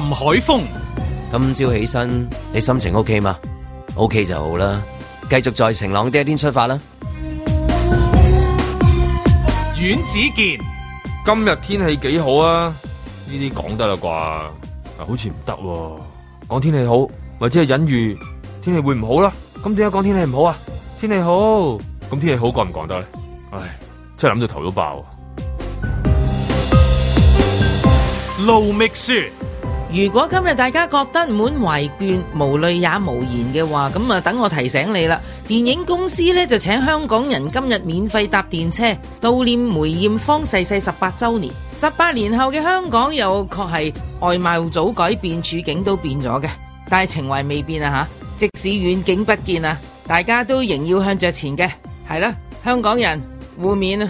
林海峰，今朝起身你心情 O、OK、K 嗎？O、OK、K 就好啦，繼續在晴朗的一天出發啦。阮子健，今日天氣幾好啊？呢啲講得啦啩？啊，好似唔得，講天氣好，或者係隱喻天氣會唔好啦，啊？咁點解講天氣唔好啊？天氣好，咁天氣好講唔講得咧？唉，真係諗到頭都爆。盧覓雪如果今日大家覺得滿懷倦、無淚也無言嘅話，咁啊，等我提醒你啦。電影公司呢，就請香港人今日免費搭電車悼念梅艷芳逝世十八週年。十八年後嘅香港又確係外貌早改變，處境都變咗嘅，但係情懷未變啊！吓，即使遠景不見啊，大家都仍要向着前嘅。係啦，香港人互勉啊，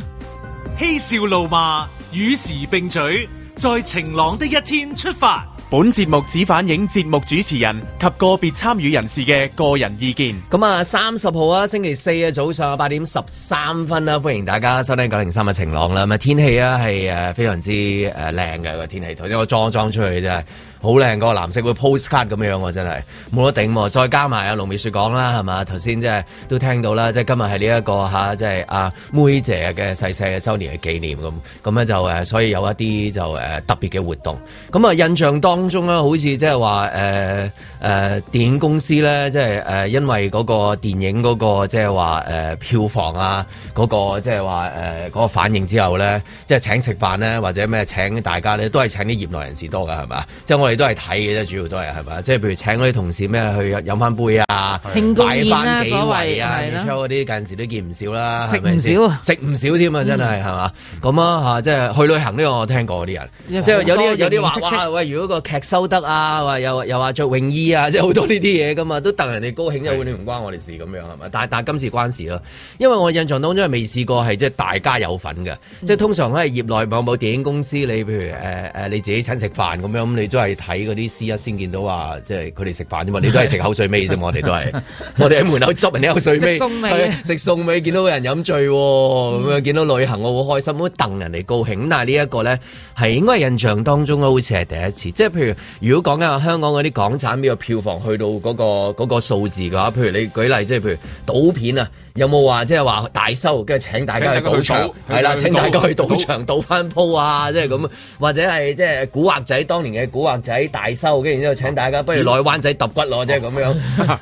嬉笑怒罵與時並舉，在晴朗的一天出發。本節目只反映節目主持人及個別參與人士嘅個人意見那麼。咁啊，三十號啊，星期四啊，早上啊八點十三分啦，歡迎大家收聽九零三嘅晴朗啦。咁啊，天氣啊係誒非常之誒靚嘅個天氣，頭先我裝裝出去啫。好靚個藍色會 postcard 咁樣喎，啊，真係冇得頂喎，啊！再加埋阿盧美雪講啦，係嘛？頭先即係都聽到啦，即係今日係呢一個吓，即係阿妹姐嘅細細嘅周年嘅紀念咁。咁咧就誒，所以有一啲就誒、呃、特別嘅活動。咁啊，印象當中咧好似即係話誒誒電影公司咧，即係誒因為嗰個電影嗰個即係話誒票房啊，嗰、那個即係話誒嗰個反應之後咧，即、就、係、是、請食飯咧，或者咩請大家咧，都係請啲業內人士多噶，係嘛？即係我哋。都係睇嘅啫，主要都係係嘛，即係譬如請嗰啲同事咩去飲翻杯啊，慶功宴啊，所謂啊嗰啲近時都見唔少啦，食唔少，食唔少添啊，真係係嘛，咁啊吓，即係去旅行呢個我聽過啲人，即係有啲有啲話喂，如果個劇收得啊，又又話着泳衣啊，即係好多呢啲嘢噶嘛，都戥人哋高興又會唔關我哋事咁樣係嘛，但但係今次關事咯，因為我印象當中係未試過係即係大家有份嘅，即係通常都係業內某某電影公司，你譬如誒誒你自己請食飯咁樣，咁你都係。睇嗰啲師一先見到話，即係佢哋食飯啫嘛，你都係食口水尾啫嘛，我哋都係，我哋喺門口執人啲口水尾，食餸尾，食餸尾，見到有人飲醉。咁樣見到旅行我好開心，好戥人哋高興，但係呢一個咧，係應該印象當中好似係第一次。即係譬如，如果講緊香港嗰啲港產片嘅票房去到嗰個嗰個數字嘅話，譬如你舉例，即係譬如賭片啊。有冇話即係話大收，跟住請大家去賭場，係啦，請大家去賭場賭番鋪啊，即係咁，或者係即係古惑仔當年嘅古惑仔大收，跟住然之後請大家不如來灣仔揼骨咯，即係咁樣，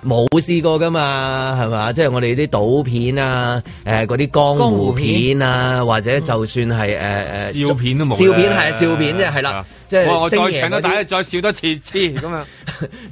冇試、嗯、過噶嘛，係嘛， 即、就、係、是、我哋啲賭片啊，誒、呃，嗰啲江湖片啊，片或者就算係誒誒笑片都冇，笑片係啊，笑片即係啦。即係、哦、星爺大家再笑多一次先咁啊！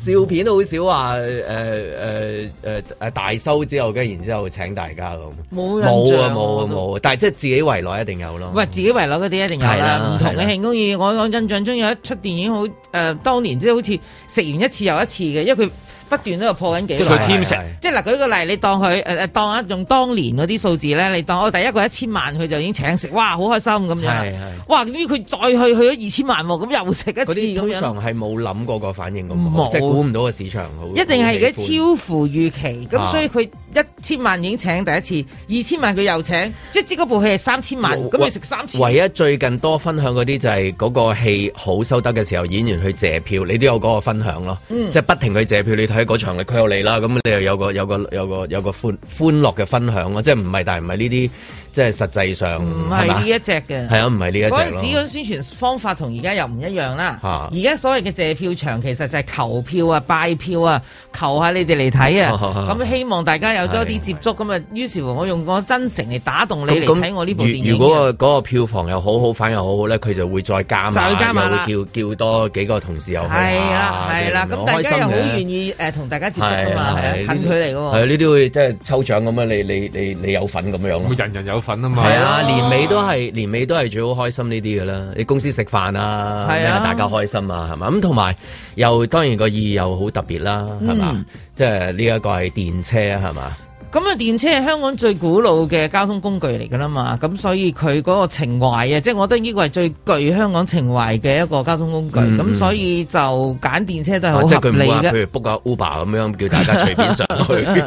樣， 笑片都好少話誒誒誒誒大收之後，跟然之後請大家咁，冇冇啊冇啊冇啊！啊啊但係即係自己圍內一定有咯。喂，自己圍內嗰啲一定有啦。唔同嘅慶功宴，我我印象中有一出電影好誒、呃，當年即係好似食完一次又一次嘅，因為佢。不斷都又破緊幾耐，即係佢添食。即嗱，舉個例，你當佢誒誒當一用當年嗰啲數字咧，你當我第一個一千萬，佢就已經請食，哇，好開心咁樣。係係。哇！點知佢再去去咗二千萬喎，咁又食一次咁樣。通常係冇諗過個反應咁好，即估唔到個市場好。一定係而家超乎預期。咁、啊、所以佢一千萬已經請第一次，二千萬佢又請，即係接嗰部戲係三千萬，咁佢食三次。3, 唯一最近多分享嗰啲就係嗰個戲好收得嘅時候，演員去借票，你都有嗰個分享咯。嗯、即係不停去借票，你睇。喺嗰場你，佢有你啦，咁你又有個有個有個有個歡歡樂嘅分享啊，即係唔係？但係唔係呢啲。即係實際上唔係呢一隻嘅，係啊，唔係呢一隻咯。嗰陣時嗰種宣傳方法同而家又唔一樣啦。而家所謂嘅借票場其實就係求票啊、拜票啊、求下你哋嚟睇啊。咁希望大家有多啲接觸，咁啊，於是乎我用我真誠嚟打動你嚟睇我呢部電影。如果嗰個嗰票房又好好，反又好好咧，佢就會再加碼，會叫叫多幾個同事又去。係啦，係啦，咁大家又好願意同大家接觸啊嘛，近距離嚟㗎喎。係呢啲會即係抽獎咁樣，你你你你有份咁樣咯，人人有。係 啊，年尾都係年，Oh. 尾都係最好開心呢啲嘅啦，你公司食飯啊，咩啊，大家開心啊，係嘛，咁同埋又當然個意義又好特別啦，係嘛，Mm. 即係呢一個係電車，係嘛。咁啊，電車係香港最古老嘅交通工具嚟噶啦嘛，咁所以佢嗰個情懷啊，即係我覺得呢個係最具香港情懷嘅一個交通工具。咁、嗯、所以就揀電車都係嘅。即係佢唔會話譬如 book 個 Uber 咁樣，叫大家隨便上去。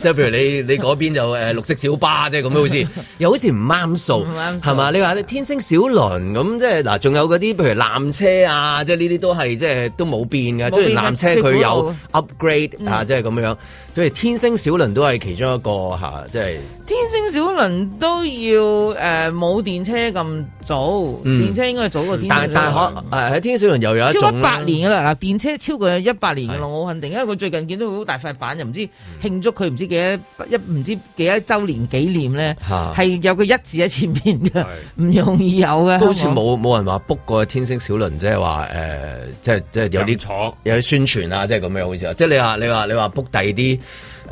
即係 譬如你你嗰邊就誒、呃、綠色小巴啫，咁、就是、樣好似，又好似唔啱數，唔啱數，係嘛？你話啲天星小輪咁，即係嗱，仲有嗰啲譬如纜車啊，即係呢啲都係即係都冇變嘅。即係纜車佢有 upgrade 啊、嗯，即係咁樣樣，譬如天星小。小輪都係其中一個吓，即、啊、係、就是、天星小輪都要誒，冇、呃、電車咁早，嗯、電車應該早過電但係係，喺天星小輪、啊、又有一超百年噶啦，電車超過一百年噶啦，是我好肯定，因為最近見到好大塊板，又唔知慶祝佢唔知，道多不知道多幾多是一唔知幾多周年紀念咧，係有個一字喺前面噶，唔是容易有嘅。好似冇冇人話 book 過天星小輪，即係話誒，即係即係有啲錯，楚有啲宣傳啊，即係咁樣好似，即、就、係、是、你話你話你話 book 第啲。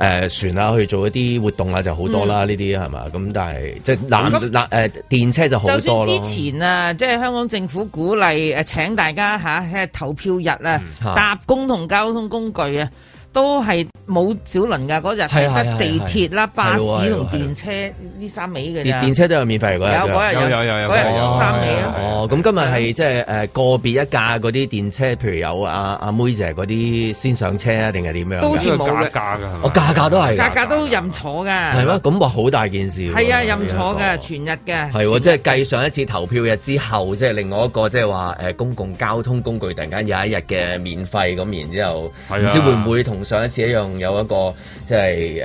誒、呃、船啊，去做一啲活動啊，就好多啦，呢啲係嘛？咁但係即係纜纜誒電車就好多啦，就算之前啊，即係香港政府鼓勵誒請大家嚇喺、啊啊、投票日啊、嗯、搭公同交通工具啊。都係冇小輪噶，嗰日係得地鐵啦、巴士同電車呢三味嘅啫。電車都有免費嗰日，有有有有，嗰日有三味啊！哦，咁今日係即係誒個別一架嗰啲電車，譬如有阿阿妹姐嗰啲先上車啊，定係點樣？都是冇嘅，哦價價都係，價價都任坐噶。係咩？咁話好大件事。係啊，任坐嘅，全日嘅。係喎，即係計上一次投票日之後，即係另外一個即係話誒公共交通工具突然間有一日嘅免費，咁然之後唔知會唔會同。上一次一樣有一個即係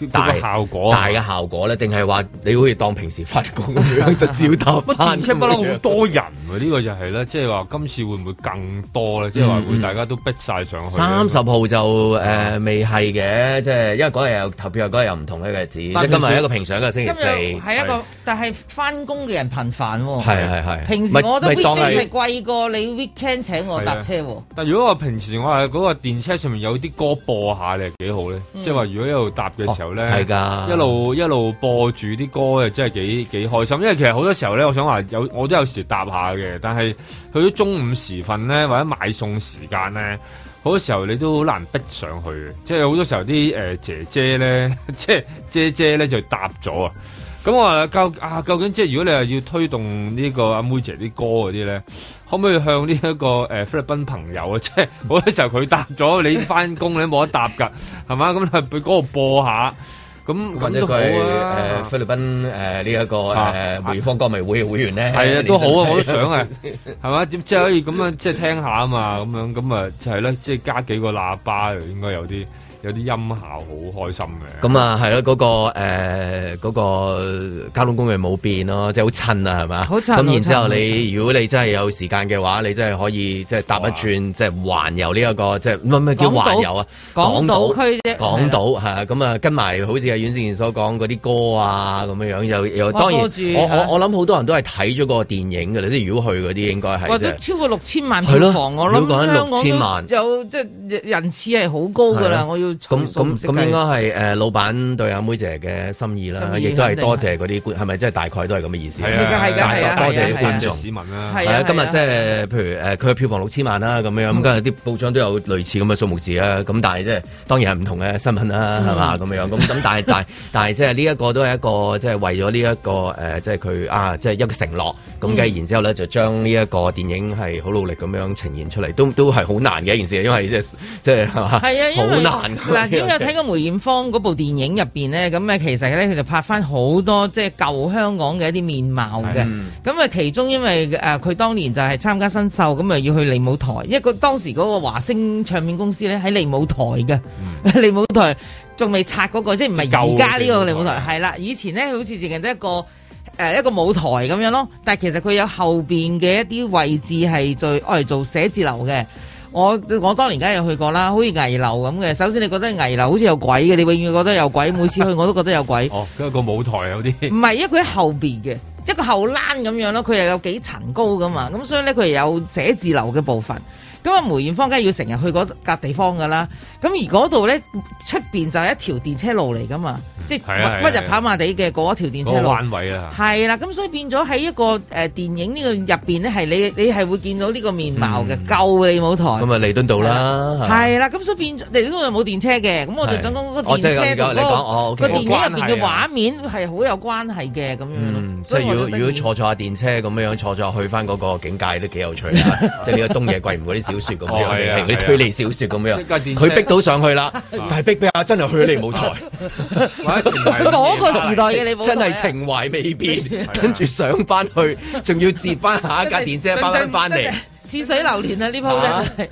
誒大效果、大嘅效果咧，定係話你可以當平時發工咁樣就照搭？但車不嬲好多人喎，呢個就係咧，即係話今次會唔會更多咧？即係話會大家都逼晒上去。三十號就誒未係嘅，即係因為嗰日又投票，嗰日又唔同嘅日子。但今日係一個平常嘅星期四。今日係一個，但係翻工嘅人頻繁。係平時我都 weekend 係貴過你 weekend 請我搭車。但如果我平時我係嗰個電車上面有啲我播下你係幾好咧，即係話如果一路搭嘅時候咧，係噶、哦、一路一路播住啲歌咧，真係幾幾開心。因為其實好多時候咧，我想話有我都有時搭下嘅，但係去到中午時分咧，或者買餸時間咧，好多時候你都好難逼上去嘅。即係好多時候啲誒、呃、姐姐咧，即係姐姐咧就搭咗啊。咁我話，究啊，究竟即係如果你係要推動呢個阿妹姐啲歌嗰啲咧，可唔可以向呢一個誒菲律賓朋友啊？即係好多時候佢答咗，你翻工你冇得答噶，係嘛？咁啊，佢嗰度播下，咁或者佢係菲律賓誒呢一個誒梅芳歌迷會嘅會員咧，係啊，都好啊，我都想啊，係 嘛？即係可以咁樣即係聽下啊嘛，咁樣咁啊，就係咧，即係加幾個喇叭應該有啲。有啲音效好開心嘅，咁啊係咯，嗰個誒嗰個交通工具冇變咯，即係好襯啊，係咪，咁然之後你如果你真係有時間嘅話，你真係可以即係搭一轉即係環遊呢一個即係咩咩叫環遊啊？港島區啫，港島係咁啊跟埋好似阿阮志賢所講嗰啲歌啊咁樣樣又又當然我我我諗好多人都係睇咗個電影噶啦，即係如果去嗰啲應該係或者超過六千萬票房我諗，香港六千萬有即係人次係好高噶啦，我要。咁咁咁應該係誒老闆對阿妹姐嘅心意啦，亦都係多謝嗰啲觀係咪？即係大概都係咁嘅意思。其實係啊，多謝觀眾市民啦。係啊，今日即係譬如誒，佢嘅票房六千萬啦，咁樣咁，今日啲報章都有類似咁嘅數目字啦。咁但係即係當然係唔同嘅新聞啦，係嘛咁樣咁咁。但係但但係即係呢一個都係一個即係為咗呢一個誒，即係佢啊，即係一個承諾咁嘅。然之後咧就將呢一個電影係好努力咁樣呈現出嚟，都都係好難嘅一件事，因為即係即係係啊，好難。嗱，因為睇個梅艷芳嗰部電影入邊咧，咁啊其實咧，佢就拍翻好多即係舊香港嘅一啲面貌嘅。咁啊，其中因為誒佢、呃、當年就係參加新秀，咁啊要去利舞台，因為當時嗰個華星唱片公司咧喺利舞台嘅。利、mm. 舞台仲未拆嗰、那個，即係唔係而家呢個利舞台？係啦，以前咧好似淨係得一個誒、呃、一個舞台咁樣咯。但係其實佢有後邊嘅一啲位置係最我嚟做寫字樓嘅。我我當年梗係有去過啦，好似危樓咁嘅。首先你覺得危樓好似有鬼嘅，你永遠覺得有鬼。每次去我都覺得有鬼。 哦，因為個舞台有啲，唔係，因為佢喺後邊嘅，一個後欄咁樣咯，佢又有幾層高噶嘛，咁所以咧佢係有寫字樓嘅部分。咁啊梅艷芳梗係要成日去嗰笪地方噶啦，咁而嗰度咧出邊就係一條電車路嚟噶嘛，即係乜乜入跑馬地嘅嗰一條電車路。彎位啊！係啦，咁所以變咗喺一個誒電影呢個入邊咧，係你你係會見到呢個面貌嘅舊你舞台。咁啊，彌敦道啦，係啦，咁所以變彌敦道又冇電車嘅，咁我就想講個電車嗰個電影入邊嘅畫面係好有關係嘅咁樣。所以如果如果坐坐下電車咁樣樣，坐坐去翻嗰個境界都幾有趣，即係呢個東野圭吾啲。小說咁樣，你、哦啊啊、推理小說咁樣，佢、啊啊、逼到上去啦，是啊、但係逼逼阿、啊、真入去你舞台，嗰 個時代嘅你、啊，真係情懷未變，跟住、啊、上翻去，仲要接翻下一架電車翻翻翻嚟。似水流年這啊！呢鋪真係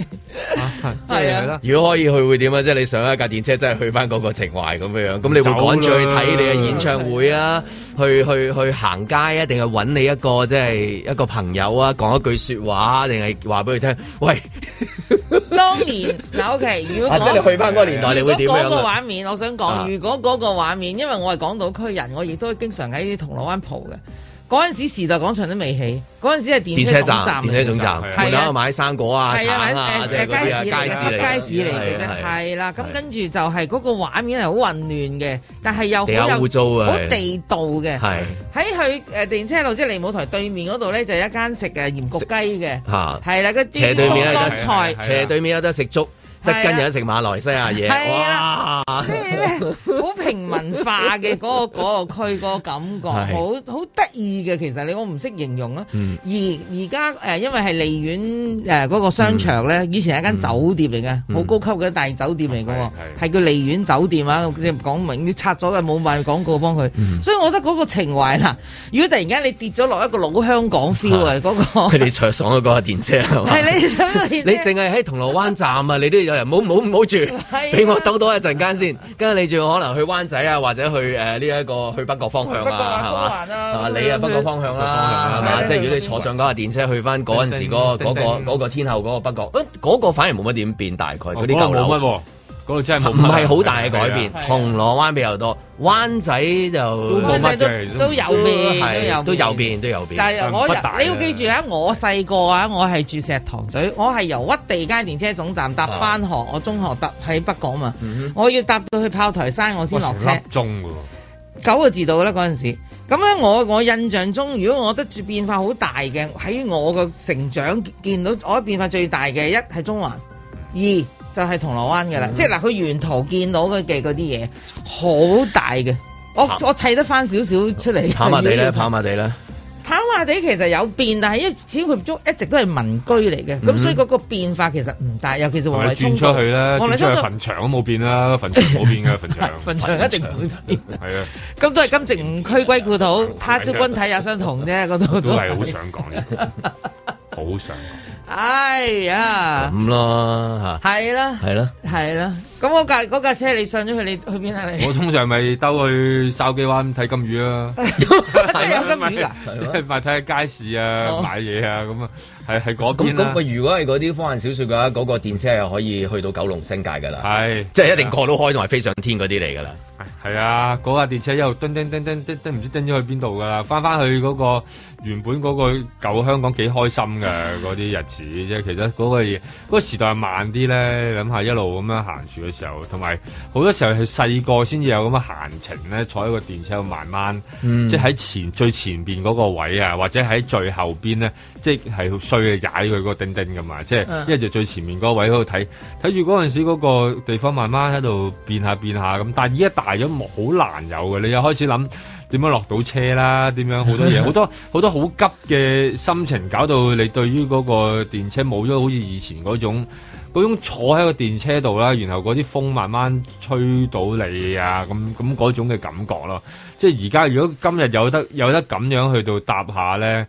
係啊！如果可以去，會點啊？即係你上一架電車，真係去翻嗰個情懷咁樣樣。咁你會趕住去睇你嘅演唱會啊啦？去去去行街啊？定係揾你一個即係一個朋友啊？講一句說話，定係話俾佢聽？喂，當年嗱，O K，如果那、啊、你去翻嗰個年代，啊、你會點啊？嗰個畫面，我想講，如果嗰個畫面，因為我係港島區人，我亦都經常喺銅鑼灣蒲嘅。嗰陣時時代廣場都未起，嗰陣時係電車總站，電車總站門口買生果啊、橙啊，即係嗰啲街市嚟嘅。係啦，咁跟住就係嗰個畫面係好混亂嘅，但係又好污糟啊，好地道嘅。係喺佢誒電車路即係利舞臺對面嗰度咧，就有一間食誒鹽焗雞嘅，係啦，個斜對面有得菜，斜對面有得食粥。跟日食馬來西亞嘢，係啦，即係咧好平民化嘅嗰個嗰個區嗰個感覺，好好得意嘅。其實你我唔識形容啦。而而家誒，因為係利苑誒嗰個商場咧，以前係間酒店嚟嘅，好高級嘅大酒店嚟嘅喎，係叫利苑酒店啊。講明你拆咗嘅，冇賣廣告幫佢。所以我覺得嗰個情懷嗱，如果突然間你跌咗落一個老香港 feel 啊，嗰個你坐爽咗嗰個電車係你想係你淨係喺銅鑼灣站啊，你都有。冇冇唔好唔好住，俾我兜多一陣間先。跟住你仲可能去灣仔啊，或者去誒呢一個去北角方向啊，係嘛？啊，你啊北角方向啦，係嘛？即係如果你坐上嗰架電車去翻嗰陣時嗰個嗰個天后嗰個北角，嗰個反而冇乜點變，大概嗰啲舊樓。唔係好大嘅改變，銅鑼灣比較多，灣仔就都冇都有都有，都有變都有變。但係我，你要記住啊！我細個啊，我係住石塘咀，我係由屈地街電車總站搭翻學，我中學搭喺北角嘛，我要搭到去炮台山，我先落車。鐘嘅，九個字度啦嗰陣時。咁樣我我印象中，如果我覺得變化好大嘅，喺我個成長見到我變化最大嘅一係中環，二。就係銅鑼灣嘅啦，即係嗱，佢沿途見到嘅嗰啲嘢好大嘅，我我砌得翻少少出嚟。跑馬地咧，跑馬地啦。跑馬地其實有變，但係因為只要佢租一直都係民居嚟嘅，咁所以嗰個變化其實唔大。尤其是我哋轉出去咧，我哋墳場都冇變啦，墳場冇變嘅墳場，墳場一定冇變。係啊，咁都係今日吾軀歸故土，他朝君體也相同啫。嗰度都係好想講，好想。唉啊，咁囉，吓，係啦，係啦，係啦。咁嗰架車架車，你上咗去你去邊啊？你我通常咪兜去筲箕灣睇金魚咯，睇金魚啊！咪睇下街市啊，買嘢啊，咁啊，係係嗰咁咁如果係嗰啲科幻小說嘅話，嗰個電車又可以去到九龍星界新界噶啦，係，即係一定過到開同埋飛上天嗰啲嚟噶啦，係啊，嗰架電車一路叮叮叮叮唔知叮咗去邊度噶啦，翻翻去嗰個。原本嗰個舊香港幾開心嘅嗰啲日子，即係其實嗰個嘢，嗰個時代慢啲咧。諗下一路咁樣行住嘅時候，同埋好多時候係細個先至有咁嘅行程咧，坐喺個電車度慢慢，嗯、即係喺前最前邊嗰個位啊，或者喺最後邊咧，即係係好衰嘅踩佢個叮叮噶嘛，即係一係就最前面嗰個位喺度睇，睇住嗰陣時嗰個地方慢慢喺度變下變下咁。但係而家大咗，好難有嘅。你又開始諗。點樣落到車啦，點樣好多嘢，好 多好多好急嘅心情，搞到你對於嗰個電車冇咗好似以前嗰種嗰種坐喺個電車度啦，然後嗰啲風慢慢吹到你啊，咁咁嗰種嘅感覺咯。即係而家如果今日有得有得咁樣去到搭下呢。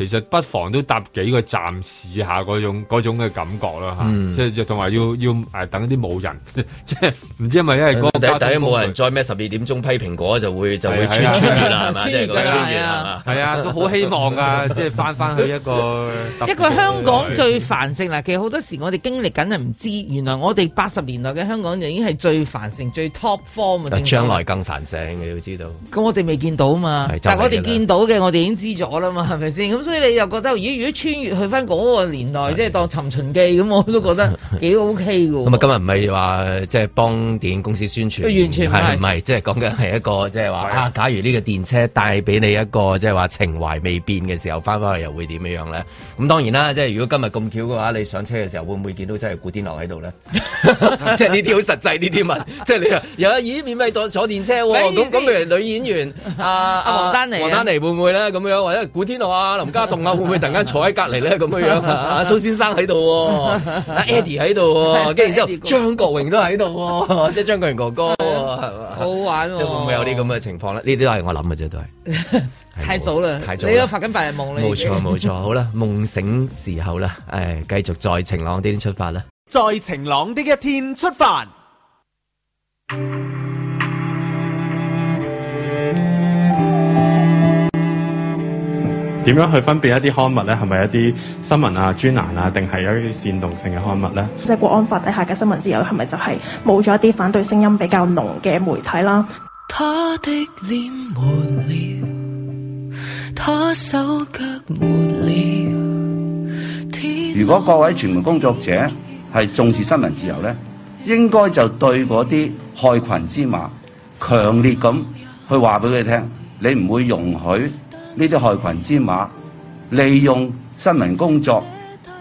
其實不妨都搭幾個站試下嗰種嗰種嘅感覺啦嚇，即係同埋要要誒等啲冇人，即係唔知係咪因為底底冇人再咩十二點鐘批蘋果就會就會穿穿越啦，啊，係啊，都好希望啊。即係返返去一個一個香港最繁盛嗱，其實好多時我哋經歷緊係唔知，原來我哋八十年代嘅香港就已經係最繁盛最 top form，將來更繁盛你要知道，咁我哋未見到嘛，但我哋見到嘅我哋已經知咗啦嘛，係咪先咁？所以你又覺得，如果如果穿越去翻嗰個年代，的即係當尋秦記咁，我都覺得幾 OK 喎。咁啊，今日唔係話即係幫電影公司宣傳，完全係唔係？即係講緊係一個即係話啊，假如呢個電車帶俾你一個即係話情懷未變嘅時候，翻返去又會點樣呢？咧？咁當然啦，即係如果今日咁巧嘅話，你上車嘅時候會唔會見到真係古天樂喺度咧？即係呢啲好實際呢啲物，即係 你又有演員咪坐坐電車喎？咁咁譬如女演員阿阿王丹妮、啊，王丹妮會唔會咧？咁樣或者古天樂啊，林動啊，會唔會突然間坐喺隔籬咧？咁樣樣啊，蘇先生喺度，阿 Eddie 喺度，跟住之後張國榮都喺度，即係張國榮哥哥，係嘛，好玩。即會唔會有啲咁嘅情況咧？呢啲都係我諗嘅啫，都係。太早啦，太早，你都發緊白日夢咧。冇錯冇錯，好啦，夢醒時候啦，誒，繼續在晴朗啲出發啦，在晴朗的一天出發。點樣去分辨一啲刊物咧，係咪一啲新聞啊、專欄啊，定係一啲煽動性嘅刊物咧？即係國安法底下嘅新聞自由，係咪就係冇咗一啲反對聲音比較濃嘅媒體啦、啊？如果各位傳媒工作者係重視新聞自由咧，應該就對嗰啲害群之馬，強烈咁去話俾佢聽，你唔會容許。呢啲害群之馬利用新聞工作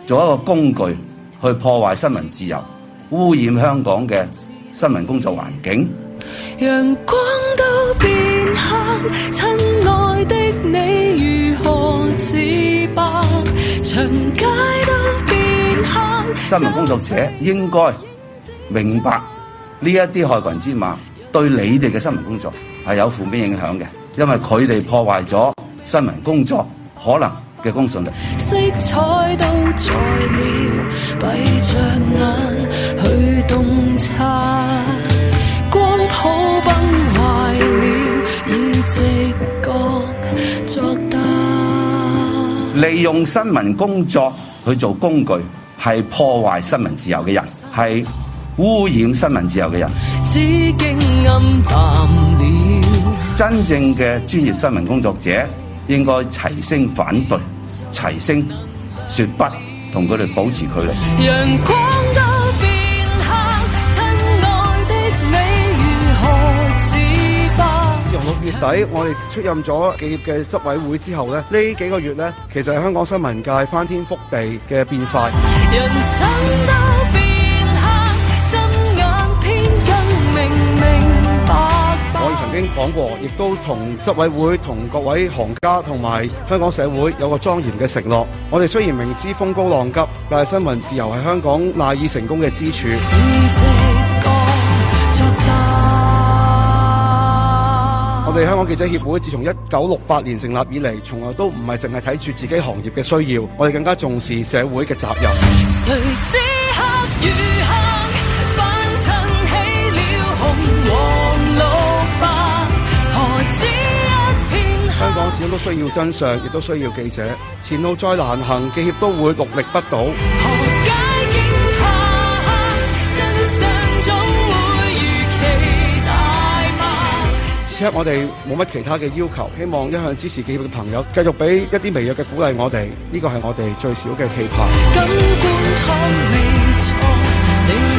做一個工具去破壞新聞自由，污染香港嘅新聞工作環境。陽光都變黑，親愛的你如何自白，長街都變黑。新聞工作者應該明白呢一啲害群之馬對你哋嘅新聞工作係有負面影響嘅，因為佢哋破壞咗新聞工作可能嘅公信力，色彩都碎了，閉着眼去洞察，光譜崩壞了，以直覺作答。利用新聞工作去做工具，係破壞新聞自由嘅人，係污染新聞自由嘅人。只經暗淡了，真正嘅專業新聞工作者。應該齊聲反對，齊聲說不，同佢哋保持距離。由六月底我哋出任咗企業嘅執委會之後呢幾個月咧，其實係香港新聞界翻天覆地嘅變化講過，亦都同執委會、同各位行家、同埋香港社會有個莊嚴嘅承諾。我哋雖然明知風高浪急，但係新聞自由係香港賴以成功嘅支柱。我哋香港記者協會自從一九六八年成立以嚟，從來都唔係淨係睇住自己行業嘅需要，我哋更加重視社會嘅責任。始終都需要真相，亦都需要記者。前路再難行，記協都會努力不倒。何解驚嚇？真相總會如期大白。此刻我哋冇乜其他嘅要求，希望一向支持記協嘅朋友繼續俾一啲微弱嘅鼓勵我哋，呢個係我哋最少嘅期盼。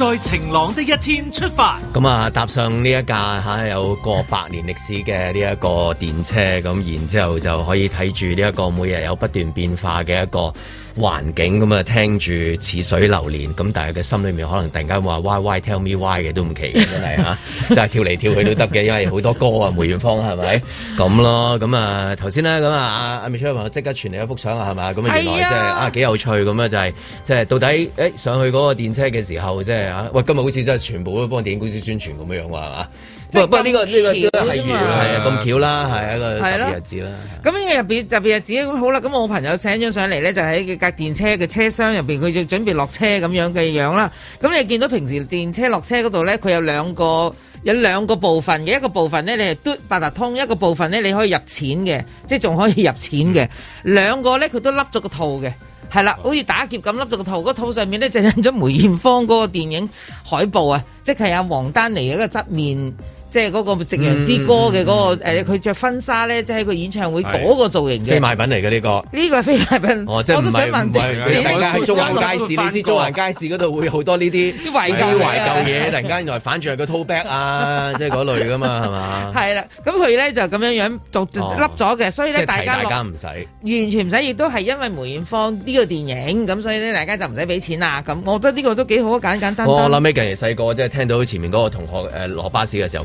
在晴朗的一天出發，咁啊搭上呢一架吓有過百年歷史嘅呢一個電車，咁然之後就可以睇住呢一個每日有不斷變化嘅一個環境咁啊，聽住似水流年，咁大家嘅心裏面可能突然間話，why why tell me why 嘅都唔奇真係嚇、 啊，就係、是、跳嚟跳去都得嘅，因為好多歌 啊，梅艷芳係咪咁咯？咁啊頭先咧咁啊，阿阿 Michelle 朋友即刻傳嚟一幅相原來、哎、呀啊，係嘛？咁啊原來即係啊幾有趣咁樣就係即係到底誒、欸、上去嗰個電車嘅時候，即、就、係、是、啊喂，今日好似真係全部都幫電影公司宣傳咁樣樣喎，係嘛？是這不係不呢個呢、這個真係係啊咁巧啦，係、啊啊、一個特別日子啦。咁呢入邊特別日子咁好啦，咁我朋友醒咗上嚟咧，就喺、是、架電車嘅車廂入邊，佢就準備落車咁樣嘅樣啦。咁你見到平時電車落車嗰度咧，佢有兩個有兩個部分嘅，一個部分咧你係嘟八達通，一個部分咧你可以入錢嘅，即係仲可以入錢嘅。兩個咧佢都笠咗個套嘅，係啦、啊，好似打劫咁笠咗個套。個套上面咧就印咗梅艷芳嗰個電影海報啊，即係阿黃丹妮嘅一個側面。即係嗰個《夕陽之歌》嘅嗰個佢着婚紗咧，即係個演唱會嗰個造型嘅。非賣品嚟嘅呢個，呢個非賣品。我都想問大家喺中環街市，你知中環街市嗰度會好多呢啲懷舊懷舊嘢，突然間原來反轉個拖 b a c k 啊，即係嗰類噶嘛，係嘛？係啦，咁佢咧就咁樣樣就笠咗嘅，所以咧大家唔使，完全唔使，亦都係因為梅艷芳呢個電影咁，所以咧大家就唔使俾錢啊！咁我覺得呢個都幾好，簡簡單我諗起近期細個即係聽到前面嗰個同學誒落巴士嘅時候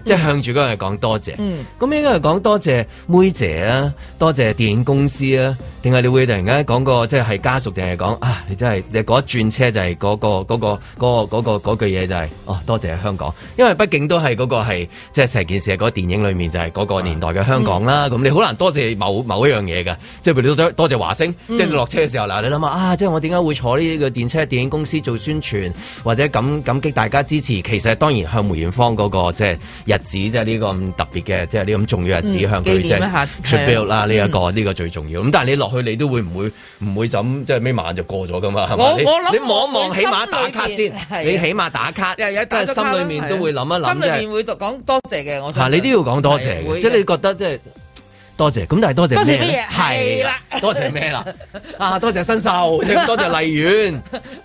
即係向住嗰個人講多謝，謝，咁、嗯、應該係講多謝梅姐啊，多謝電影公司啊，定係你會突然間講個即係家屬，定係講啊？你真係你嗰一轉車就係嗰、嗰個嗰、嗰個嗰嗰嗰句嘢就係、是、哦，多謝香港，因為畢竟都係嗰個係即係成件事係嗰、嗰個、電影裏面就係嗰個年代嘅香港啦。咁、啊嗯、你好難多謝某某一樣嘢㗎，即係譬如都多多謝華星，即係落車嘅時候嗱，嗯、你諗下啊，即係我點解會坐呢個電車？電影公司做宣傳或者感感激大家支持，其實當然向梅艷芳嗰個即係。嗯就是日子即係呢個咁特別嘅，即係呢咁重要日子向佢即係 tribute 啦。呢一個呢個最重要。咁但係你落去，你都會唔會唔會就咁即係咩晚就過咗噶嘛？我我你望一望，起碼打卡先。你起碼打卡，但係心裡面都會諗一諗，心裡面會講多謝嘅。我你都要講多謝嘅，即係你覺得即係。多謝，咁但係多謝咩？係啦，多謝咩啦？啊，多謝新秀，多謝麗苑，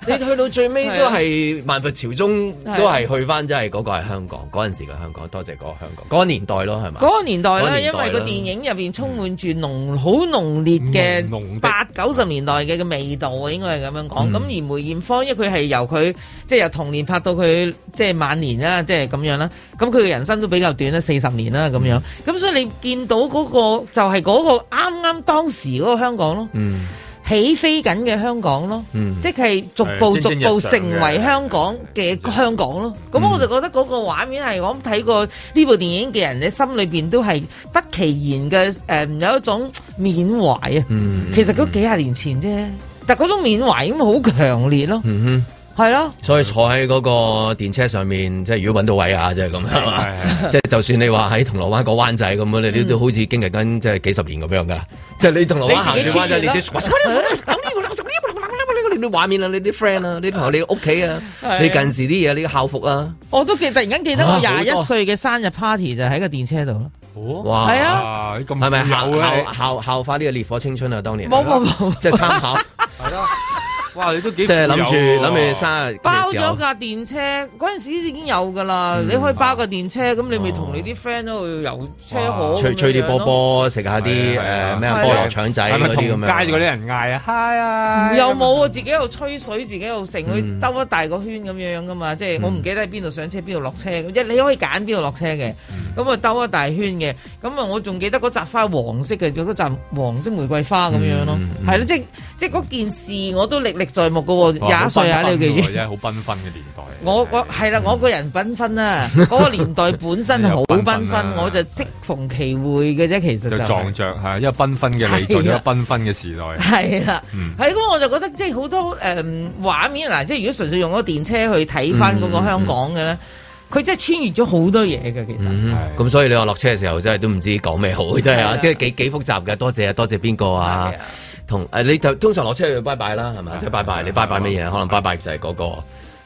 你去到最尾都係萬佛朝宗，都係去翻即係嗰個係香港嗰陣時嘅香港，多謝嗰個香港嗰個年代咯，係咪？嗰個年代咧，因為個電影入邊充滿住濃好濃烈嘅八九十年代嘅嘅味道，應該係咁樣講。咁而梅艷芳，因為佢係由佢即係由童年拍到佢即係晚年啦，即係咁樣啦。咁佢嘅人生都比較短啦，四十年啦咁樣。咁所以你見到嗰個。就係嗰個啱啱當時嗰個香港咯，嗯、起飛緊嘅香港咯，嗯、即係逐步逐步成為香港嘅香港咯。咁我就覺得嗰個畫面係我睇過呢部電影嘅人咧，心裏邊都係不其然嘅，誒、呃，有一種緬懷啊。嗯、其實嗰幾廿年前啫，但係嗰種緬懷咁好強烈咯。嗯哼係咯，所以坐喺嗰個電車上面，即係如果搵到位啊，即係咁樣。即係就算你話喺銅鑼灣個灣仔咁樣，你都好似經歷緊即係幾十年咁樣噶。即係你銅鑼灣行住灣仔，你啲畫面啊，你啲 friend 啊，你朋友，你屋企啊，你近時啲嘢，你嘅校服啊，我都記突然間記得我廿一歲嘅生日 party 就喺個電車度咯。哇，係啊，係咪校校校校化呢個烈火青春啊？當年，冇冇冇，即係參考係咯。哇！你都幾即係諗住諗住生日包咗架電車，嗰陣時已經有噶啦。你可以包個電車，咁你咪同你啲 friend 喺度游車河，吹吹啲波波，食下啲誒咩菠蘿腸仔嗰啲咁樣。街住嗰啲人嗌啊嗨啊，又冇自己又吹水，自己又成去兜一大個圈咁樣樣噶嘛。即係我唔記得喺邊度上車，邊度落車。一你可以揀邊度落車嘅，咁啊兜一大圈嘅。咁啊，我仲記得嗰扎花黃色嘅，嗰扎黃色玫瑰花咁樣咯，係咯，即即嗰件事我都歷歷。在目個喎，廿歲啊！你要記住，即係好繽紛嘅年代。我我係啦，我個人繽紛啊！嗰個年代本身係好繽紛，我就適逢其會嘅啫。其實就撞着吓，因為繽紛嘅你到咗繽紛嘅時代。係啦，係咁我就覺得即係好多誒畫面嗱，即係如果純粹用嗰電車去睇翻嗰個香港嘅咧，佢真係穿越咗好多嘢嘅。其實咁，所以你話落車嘅時候真係都唔知講咩好，真係啊！即係幾幾複雜嘅。多謝啊，多謝邊個啊？同誒、啊，你就通常落車去拜拜啦，係咪？即係拜拜，你拜拜咩嘢？嗯、可能拜拜就係嗰、嗰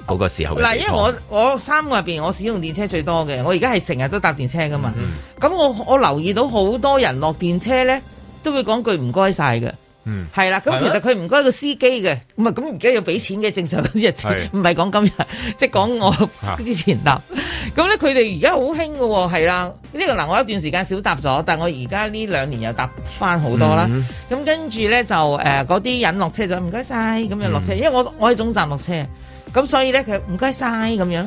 個嗰、嗯、時候。嗱，因為我我三個入面我使用電車最多嘅，我而家係成日都搭電車噶嘛。咁、嗯、我我留意到好多人落電車咧，都會講句唔該晒嘅。嗯，係啦，咁其實佢唔該個司機嘅，咁啊唔係，咁而家要俾錢嘅，正常嗰啲唔係講今日，即係講我之前搭，咁咧佢哋而家好興喎，係 啦，呢個嗱，我一段時間少搭咗，但係我而家呢兩年又搭翻好多啦，咁、嗯、跟住咧就誒嗰啲人落車就唔該晒，咁樣落車，嗯、因為我我喺總站落車，咁所以咧佢唔該晒咁樣。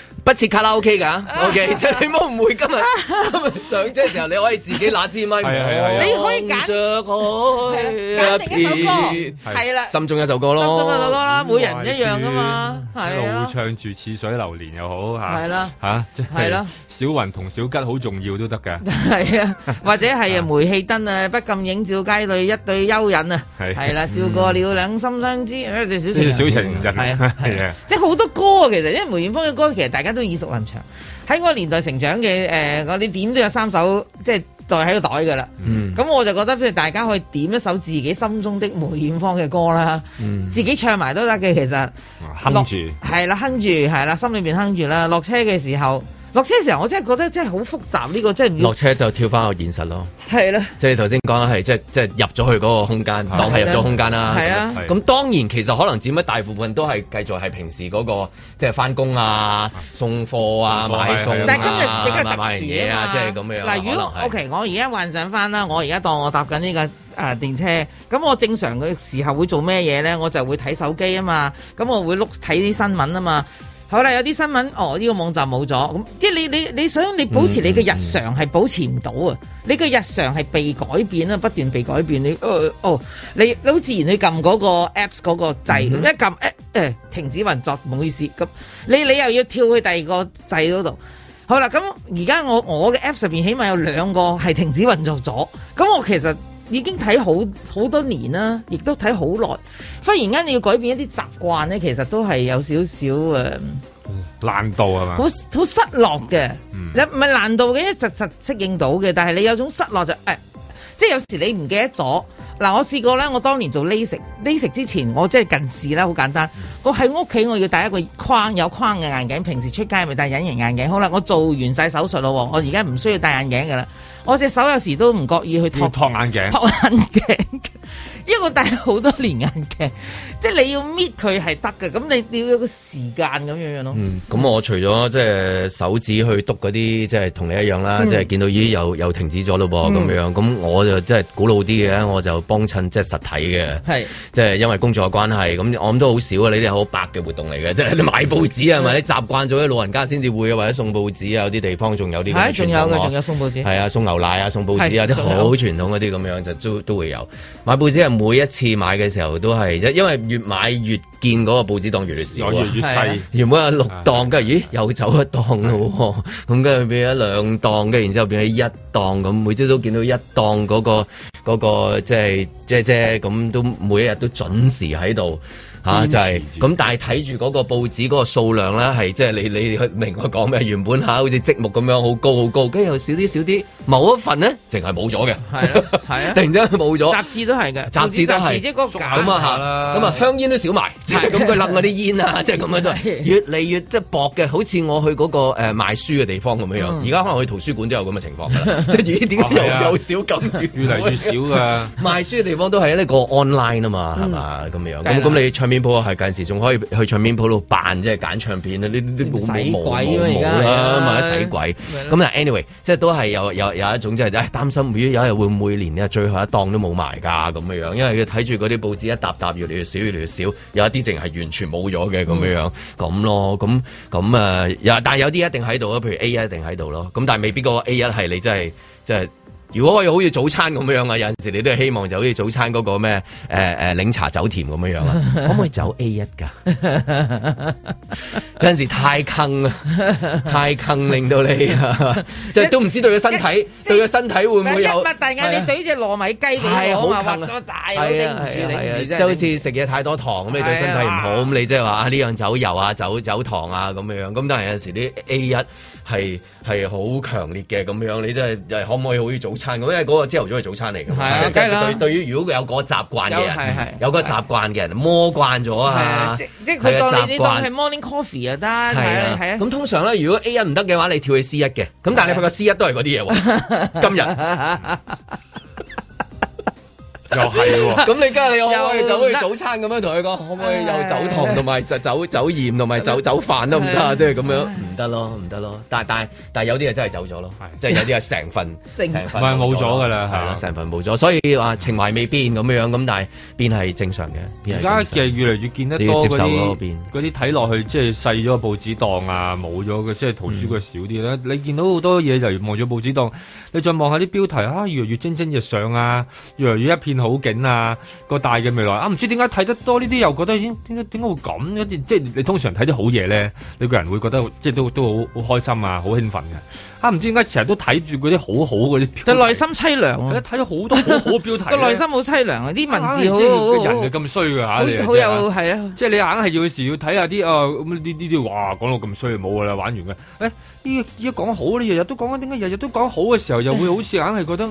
不設卡拉 OK 噶，OK，即係你冇唔會今日今日上車嘅時候，你可以自己拿支咪，係啊係啊係啊，你可以揀。唱開一首歌，係啦，心中一首歌咯。心中一首歌啦，每人一樣噶嘛，係啊。唱住似水流年又好吓，係啦吓，係咯。小雲同小吉好重要都得嘅，係啊，或者係啊煤氣燈啊，不禁影照街裏一對幽隱啊，係係啦，照過了兩心相知啊，對小小情人係啊，即係好多歌啊，其實因為梅艷芳嘅歌，其實大家。都耳熟能詳，喺嗰個年代成長嘅，誒、呃，我哋點都有三首，即係袋喺個袋噶啦。咁、嗯、我就覺得，不如大家可以點一首自己心中的梅艷芳嘅歌啦，嗯、自己唱埋都得嘅。其實哼、啊、住係啦，哼落住係啦，心裏邊哼住啦。落車嘅時候。落車嘅時候，我真係覺得真係好複雜呢個，真係。落車就跳翻個現實咯，係啦，即係你頭先講係，即係即係入咗去嗰個空間，當係入咗空間啦。係啊，咁當然其實可能佔乜大部分都係繼續係平時嗰個，即係翻工啊、送貨啊、買餸啊、但係今日特殊嘢啊，即係咁樣。嗱，如果 OK，我而家幻想翻啦，我而家當我搭緊呢個誒電車，咁我正常嘅時候會做咩嘢咧？我就會睇手機啊嘛，咁我會碌睇啲新聞啊嘛。好啦，有啲新聞哦，呢、呢個網站冇咗，咁即係你你你想你保持你嘅日常係、嗯嗯嗯、保持唔到啊，你嘅日常係被改變啊，不斷被改變你，誒哦，哦，你都自然去撳嗰個 Apps 嗰個掣，嗯嗯一撳誒、哎、停止運作，唔好意思，咁你你又要跳去第二個掣嗰度，好啦，咁而家我我嘅 Apps 入面起碼有兩個係停止運作咗，咁我其實。已經睇好好多年啦，亦都睇好耐。忽然間你要改變一啲習慣咧，其實都係有少少誒難度啊！好好失落嘅，你唔係、嗯、難度嘅，一實實適應到嘅。但係你有種失落就誒、哎，即係有時你唔記得咗嗱。我試過咧，我當年做 LASIK 之前，我即係近視啦，好簡單。嗯、我喺屋企我要戴一個框有框嘅眼鏡，平時出街咪戴隱形眼鏡。好啦，我做完晒手術咯，我而家唔需要戴眼鏡噶啦。我隻手有時都唔覺意去托托眼鏡托拖眼鏡 因為我戴好多年眼鏡，即係你要搣佢係得嘅，咁你你要有個時間咁樣樣咯。嗯，咁我除咗即係手指去篤嗰啲，即係同你一樣啦，嗯、即係見到咦，又又停止咗咯噃咁樣。咁我就即係、就是、古老啲嘅，我就幫襯即係實體嘅。係是，即係因為工作嘅關係，咁我諗都好少啊！呢啲好白嘅活動嚟嘅，即係你買報紙啊，或者是習慣咗啲老人家先至會啊，或者送報紙啊，有啲地方仲有啲係啊，仲有嘅，仲有送報紙。係啊，送牛奶啊，送報紙啊，啲好傳統嗰啲咁樣就都都會有買報紙啊。每一次買嘅時候都係，啫，因為越買越見嗰個報紙檔越嚟越少越細。越越小原本有六檔跟住、啊、咦，啊、又走一檔咯喎，咁跟住變咗兩檔，跟住然之後變咗一檔，咁，每朝都見到一檔嗰、嗰個即係啫啫咁，都、嗰個即係、每一日都準時喺度。嚇，就係咁，但係睇住嗰個報紙嗰個數量啦，係即係你你明我講咩？原本嚇好似積木咁樣好高好高，跟住又少啲少啲，某一份呢，淨係冇咗嘅，係啊，係啊，突然之間冇咗。雜誌都係嘅，雜誌都係，即係啊咁啊香煙都少埋，咁佢掕嗰啲煙啊，即係咁樣都係越嚟越即係薄嘅。好似我去嗰個誒賣書嘅地方咁樣樣，而家可能去圖書館都有咁嘅情況啦。即係而家點解又又少咁越嚟越少啊！賣書嘅地方都係呢個 online 啊嘛，係嘛，咁樣咁咁你面譜係近時仲可以去唱片舖度扮，即係揀唱片都鬼、啊、啦，啲啲冇冇冇冇啦，或死鬼咁吧啊！Anyway，即係都係有有有一種即係誒，擔心如果有人會唔會連最後一檔都冇埋噶咁嘅樣，因為佢睇住嗰啲報紙一沓沓越嚟越少，越嚟越少，有一啲淨係完全冇咗嘅咁嘅樣咁、嗯、咯，咁咁啊，有但，、呃、但有啲一定喺度咯，譬如 A 一定喺度咯，咁但未必個 A 一係你真係即係。如果可以好似早餐咁樣啊，有陣時你都係希望就好似早餐嗰個咩誒誒，檸茶走甜咁樣樣啊？可唔可以走 A 一噶？有陣時太坑啊，太坑令到你，即係都唔知對佢身體，對佢身體會唔會有一忽突然間你對隻糯米雞俾我，好麻煩多大啊，頂唔住你唔即係好似食嘢太多糖咁，你對身體唔好咁，你即係話呢樣走油啊，走糖啊咁樣樣。咁但係有陣時啲 A 一係係好強烈嘅咁樣，你真係可唔可以好似早？晨咁，因為嗰個朝頭早係早餐嚟嘅，㗎。係啊，對對於如果佢有個習慣嘅人，有個習慣嘅人摸慣咗啊，即即佢當你你當係 morning coffee 啊，得係啊。咁通常咧，如果 A 一唔得嘅話，你跳去 C 一嘅，咁但係你發覺 C 一都係嗰啲嘢喎。今日。又係喎，咁你家下你可唔可以走去早餐咁樣同佢講，可唔可以又走糖，同埋就走走鹽同埋走走飯都唔得啊？即係咁樣唔得咯，唔得咯。但係但係但係有啲嘢真係走咗咯，即係有啲係成份，成份冇咗㗎啦，係成份冇咗。所以話情懷未變咁樣樣，咁但係變係正常嘅。而家嘅越嚟越見得多嗰啲，嗰啲睇落去即係細咗個報紙檔啊，冇咗嘅，即係圖書館少啲咧。你見到好多嘢就望咗報紙檔，你再望下啲標題啊，越嚟越蒸蒸日上啊，越嚟越一片好景啊！個大嘅未來啊，唔知點解睇得多呢啲又覺得已經，咦？點解點解會咁？即係你通常睇啲好嘢咧，你個人會覺得即係都都好好開心啊，好興奮嘅。啊，唔知點解成日都睇住嗰啲好好嗰啲，但係內心淒涼。睇咗好多好好標題，個內 心好淒涼啊！啲文字好，是人啊咁衰㗎吓，好、就是、有係啊！即係你硬係要時要睇下啲啊咁呢啲啲，哇！講到咁衰，冇啦，玩完嘅。誒、哎，依依講好，你日日都講，點解日日都講好嘅時候，又會好似硬係覺得？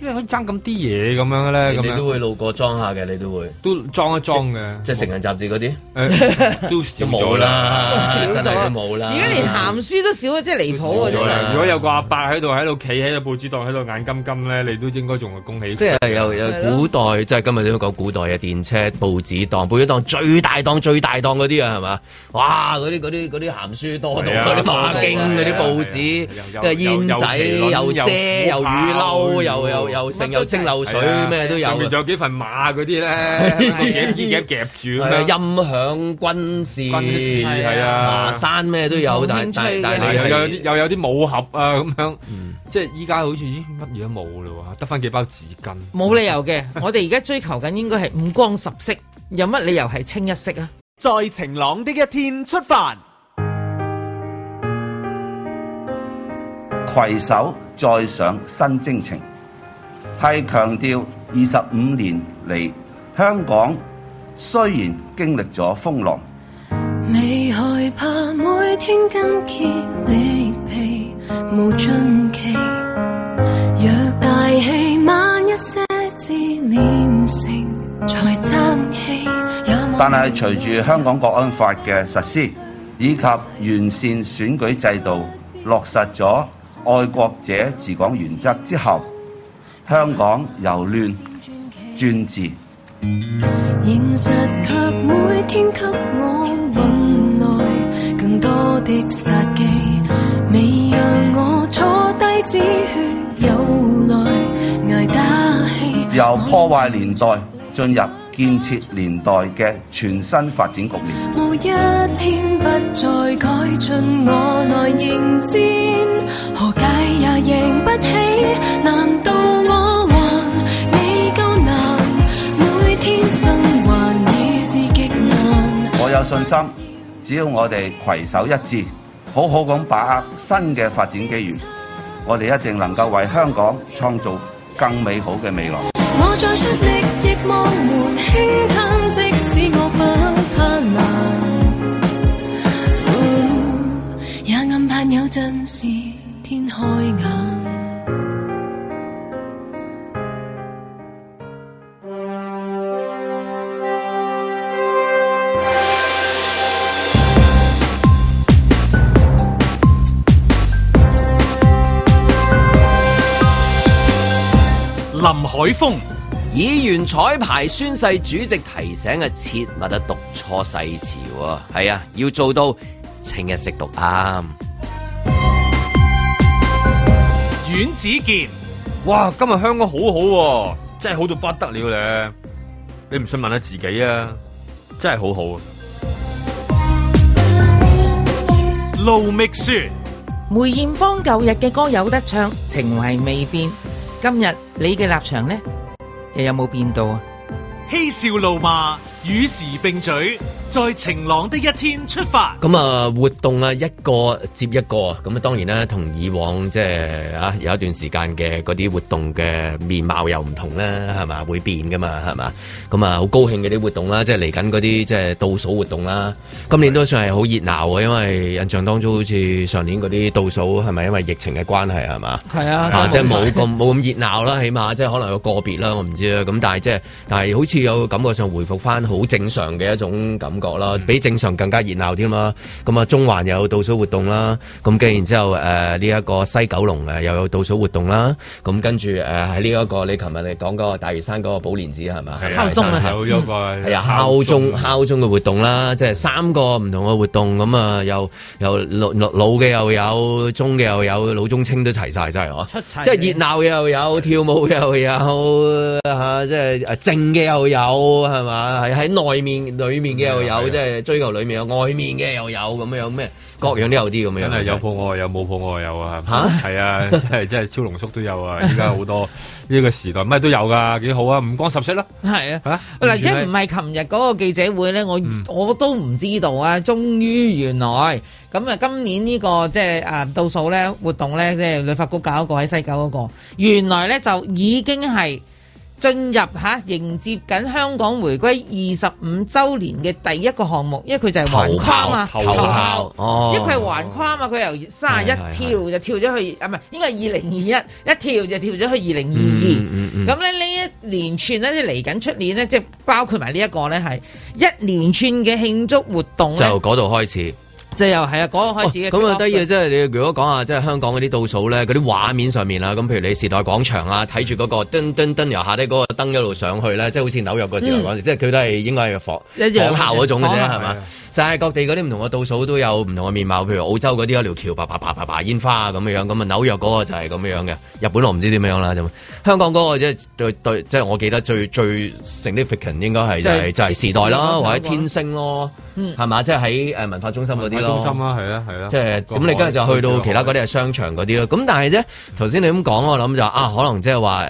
因為可爭咁啲嘢咁樣嘅咧？咁都會路過裝下嘅，你都會都裝一裝嘅。即係成人雜誌嗰啲，都少冇啦，少咗冇啦。而家連咸書都少即真係離譜。如果有個阿伯喺度喺度企喺個報紙檔喺度眼金金咧，你都應該仲會恭喜。即係有有古代，即係今日都要講古代嘅電車、報紙檔、報紙檔最大檔、最大檔嗰啲啊，係嘛？哇！嗰啲嗰啲啲咸書多到，嗰啲馬經嗰啲報紙，跟住煙仔又遮又雨褸又有。又剩又蒸餾水咩都有，仲有幾份馬嗰啲咧，眼鏡夾住咁樣，音響、軍事、軍事係啊，馬山咩都有，但係但係又有又有啲武俠啊咁樣，即係依家好似乜嘢都冇咯，得返幾包紙巾，冇理由嘅。我哋而家追求緊應該係五光十色，有乜理由係清一色啊？在晴朗的一天出發，攜手再上新征程。係強調二十五年嚟，香港雖然經歷咗風浪，但係隨住香港國安法嘅實施，以及完善選舉制度，落實咗愛國者治港原則之後，香港由亂轉治，由破壞年代進入建設年代嘅全新發展局面。天生還已是極難，我有信心，只要我哋攜手一致，好好咁把握新嘅發展機遇，我哋一定能夠為香港創造更美好嘅未來。我再出力亦望門輕嘆，即使我不怕難，哦、也暗盼有陣時天開眼。林海峰，議員彩排宣誓，主席提醒嘅切勿啊讀錯誓詞，係啊要做到聽日識讀啱。阮子健，哇，今日香港好好，喎，真係好到不得了咧！你唔信問下自己啊，真係好好。啊。盧」盧覓雪，梅艷芳舊日嘅歌有得唱，情懷未變。今日你嘅立場呢？又有冇變到啊？嬉笑怒罵，與時並嘴。在晴朗的一天出發。咁啊，活動啊一個接一個啊。咁啊，當然啦，同以往即係啊有一段時間嘅嗰啲活動嘅面貌又唔同啦，係嘛會變噶嘛，係嘛。咁啊，好高興嗰啲活動啦，即係嚟緊嗰啲即係倒數活動啦。今年都算係好熱鬧，啊，因為印象當中好似上年嗰啲倒數係咪因為疫情嘅關係係嘛？係啊，吓即係冇咁冇咁熱鬧啦，起碼即係可能有個別啦，我唔知啊，咁但係即係但係好似有感覺上回復翻好正常嘅一種感。感覺啦，比正常更加熱鬧添啦。咁啊，中環又有倒數活動啦。咁跟然之後誒，呢一個西九龍誒又有倒數活動啦。咁跟住誒喺呢一個你琴日你講嗰個大嶼山嗰個寶蓮寺係嘛？敲鐘啊，有係啊敲鐘敲鐘嘅活動啦，即係三個唔同嘅活動。咁、這個、啊，又又老嘅又有，中嘅又有，老中青都齊晒晒嗬。即係熱鬧又有，跳舞又有吓，即係靜嘅又有係嘛？係喺內面裏面嘅又有。有即係、就是、追求裏面有外面嘅又有咁樣咩各樣都有啲咁樣。梗係有破愛有冇破愛有啊，係係啊，啊 真係真係超濃縮都有啊！依家好多呢個時代咩都有噶，幾好啊！五光十色咯。係啊，嗱、啊，即係唔係琴日嗰個記者會咧？我我都唔知道啊！終於、嗯、原來咁啊、嗯！今年、這個就是啊、呢個即係啊倒數咧活動咧，即係旅發局搞一、那個喺西九嗰、嗰個，原來咧就已經係。進入吓、啊、迎接緊香港回歸二十五周年嘅第一個項目，因為佢就係橫跨嘛，投效，投哦、因為橫跨嘛，佢、哦、由卅、哎哎、一跳就跳咗去，啊唔係，應該係二零二一，一跳就跳咗去二零二二，咁咧呢一連串咧嚟緊出年咧，即係包括埋呢一個咧係一連串嘅慶祝活動就嗰度開始。即係又係啊！嗰、嗰個開始嘅咁啊，得意啊！即係你如果講下即係香港嗰啲倒數咧，嗰啲畫面上面啊。咁譬如你時代廣場啊，睇住嗰個燈燈燈由下低嗰個燈一路上去咧，即係好似紐約嗰時代廣場，嗯、即係佢都係應該係仿仿效嗰種嘅啫，係嘛港？吧就係各地嗰啲唔同嘅倒數都有唔同嘅面貌，譬如澳洲嗰啲一條橋，白啪啪啪啪煙花咁樣，咁啊紐約嗰個就係咁樣嘅。日本我唔知點樣啦，就香港嗰個即係對即係我記得最最 significant 應該係就係就係時代咯，或者天星咯，係嘛？即係喺文化中心嗰啲咯。中心啦，係啦，係啦。即係咁，你跟住就去到其他嗰啲係商場嗰啲咯。咁但係咧，頭先你咁講，我諗就啊，可能即係話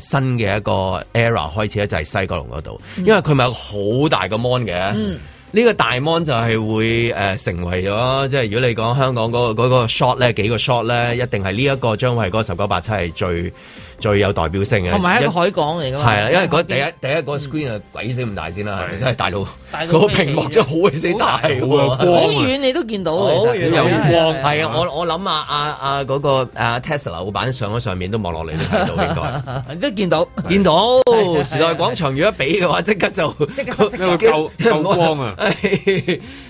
新嘅一個 era 開始咧，就係西九龍嗰度，因為佢咪有好大個 mon 嘅。呢個大 mon 就係會、呃、成為咗，即係如果你講香港嗰、嗰個、嗰個 shot 咧，幾個 shot 咧，一定係呢一個將會係嗰十九八七係最最有代表性嘅，同埋一海港嚟嘅，係啊，因為第一第一嗰 screen 啊鬼死咁大先啦，真係大佬。到嗰屏幕真係好鬼死大喎，好遠你都見到，好遠有光。係啊，我我諗啊阿阿嗰個 Tesla 老闆上喺上面都望落嚟，睇到應該都見到見到時代廣場如果比嘅話，即刻就即刻夠夠光啊，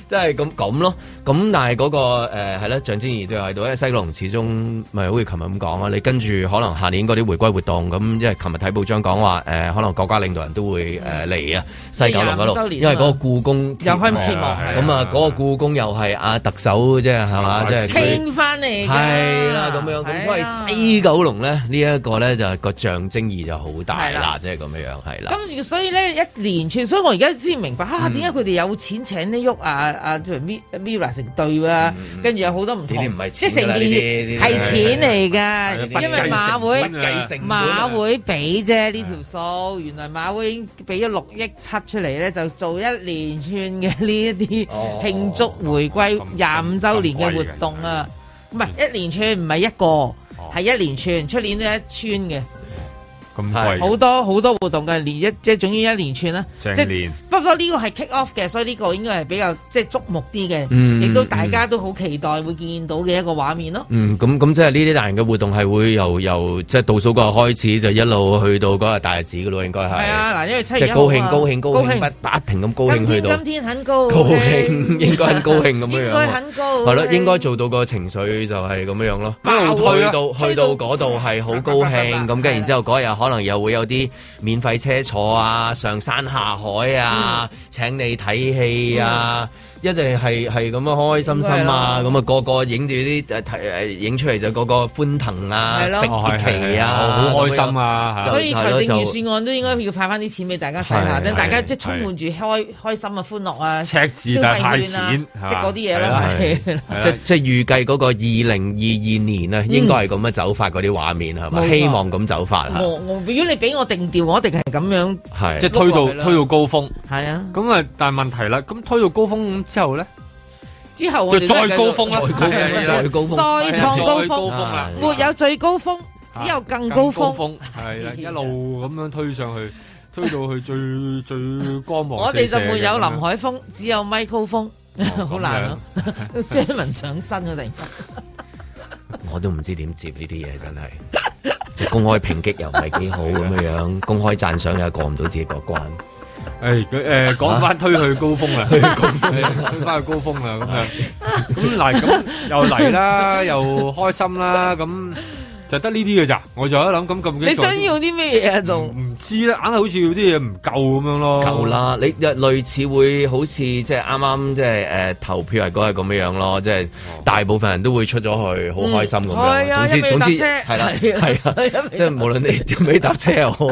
即係咁咁咯，咁但係嗰個誒係咧，象徵意義都喺度，因為西龍始終咪好似琴日咁講啊，你跟住可能下年嗰啲回。歸活動咁，即係琴日睇報章講話，誒，可能國家領導人都會誒嚟啊，西九龍嗰度，因為嗰個故宮又開幕，咁啊，嗰個故宮又係阿特首，即係係嘛，即係傾翻嚟，係啦，咁樣咁所以西九龍咧，呢一個咧就係個象徵意就好大啦，即係咁樣樣係啦。咁所以咧一連串，所以我而家先明白，哈，點解佢哋有錢請呢喐啊啊，Mirror 成隊啊，跟住有好多唔同，即係成件事係錢嚟噶，因為馬會。馬會俾啫呢條數，的原來馬會已經俾咗六億七出嚟呢就做一連串嘅呢一啲慶祝回歸廿五週年嘅活動啊！唔係一,一,一連串，唔係一個，係一連串，出年都一串嘅。好多好多活動嘅連一即係總之一連串啦，年即不過呢個係 kick off 嘅，所以呢個應該係比較即係矚目啲嘅，亦、嗯、都大家都好期待會見到嘅一個畫面咯。咁咁、嗯嗯、即係呢啲大型嘅活動係會由由即係倒數個開始，就一路去到嗰日大日子嘅咯，應該係係啊嗱，因為七月一號啊，即係高興高興高興不不停咁高興去到今，今天很高興高興應該很， 很， 很高興咁樣樣，係咯，應該做到個情緒就係咁樣咯。去到去到嗰度係好高興咁，跟然之後嗰日可。可能又會有啲免費車坐啊，上山下海啊，請你睇戲啊。一定係係咁啊，開開心心啊，咁啊，個個影住啲，誒影出嚟就個個歡騰啊，疊旗啊，好開心啊！所以財政預算案都應該要派翻啲錢俾大家睇下，等大家即係充滿住開開心啊、歡樂啊、赤字啊、派錢即係嗰啲嘢啦。即即係預計嗰個二零二二年咧，應該係咁樣走法，嗰啲畫面係嘛，希望咁走法。如果你俾我定調，我一定係咁樣，即係推到推到高峰。係啊，咁啊，但係問題啦，咁推到高峰。之後咧，之後我哋再高峰啦，再高峰，再創高峰，高峰啦，沒有最高峰，只有更高峰，係啦，一路咁樣推上去，推到去最最光芒。我哋就沒有林海峰，只有麥高峰。好難，專門上身嘅地方，我都唔知點接呢啲嘢。真係公開抨擊又唔係幾好咁樣樣，公開讚賞又過唔到自己個關。誒，佢誒、哎，講翻、呃、推去高峰啦，啊、推翻去高峰啦，咁樣，咁嗱，咁又嚟啦，又開心啦，咁。就得呢啲嘅咋，我就一度諗咁咁。你想要啲咩嘢啊仲唔知咧？硬係好似要啲嘢唔夠咁樣咯。夠啦，你又類似會好似即係啱啱即係誒投票係嗰個咁嘅樣咯，即係大部分人都會出咗去，好開心咁樣。總之總之係啦，係啦、啊，啊啊、即係無論你尾搭車又好，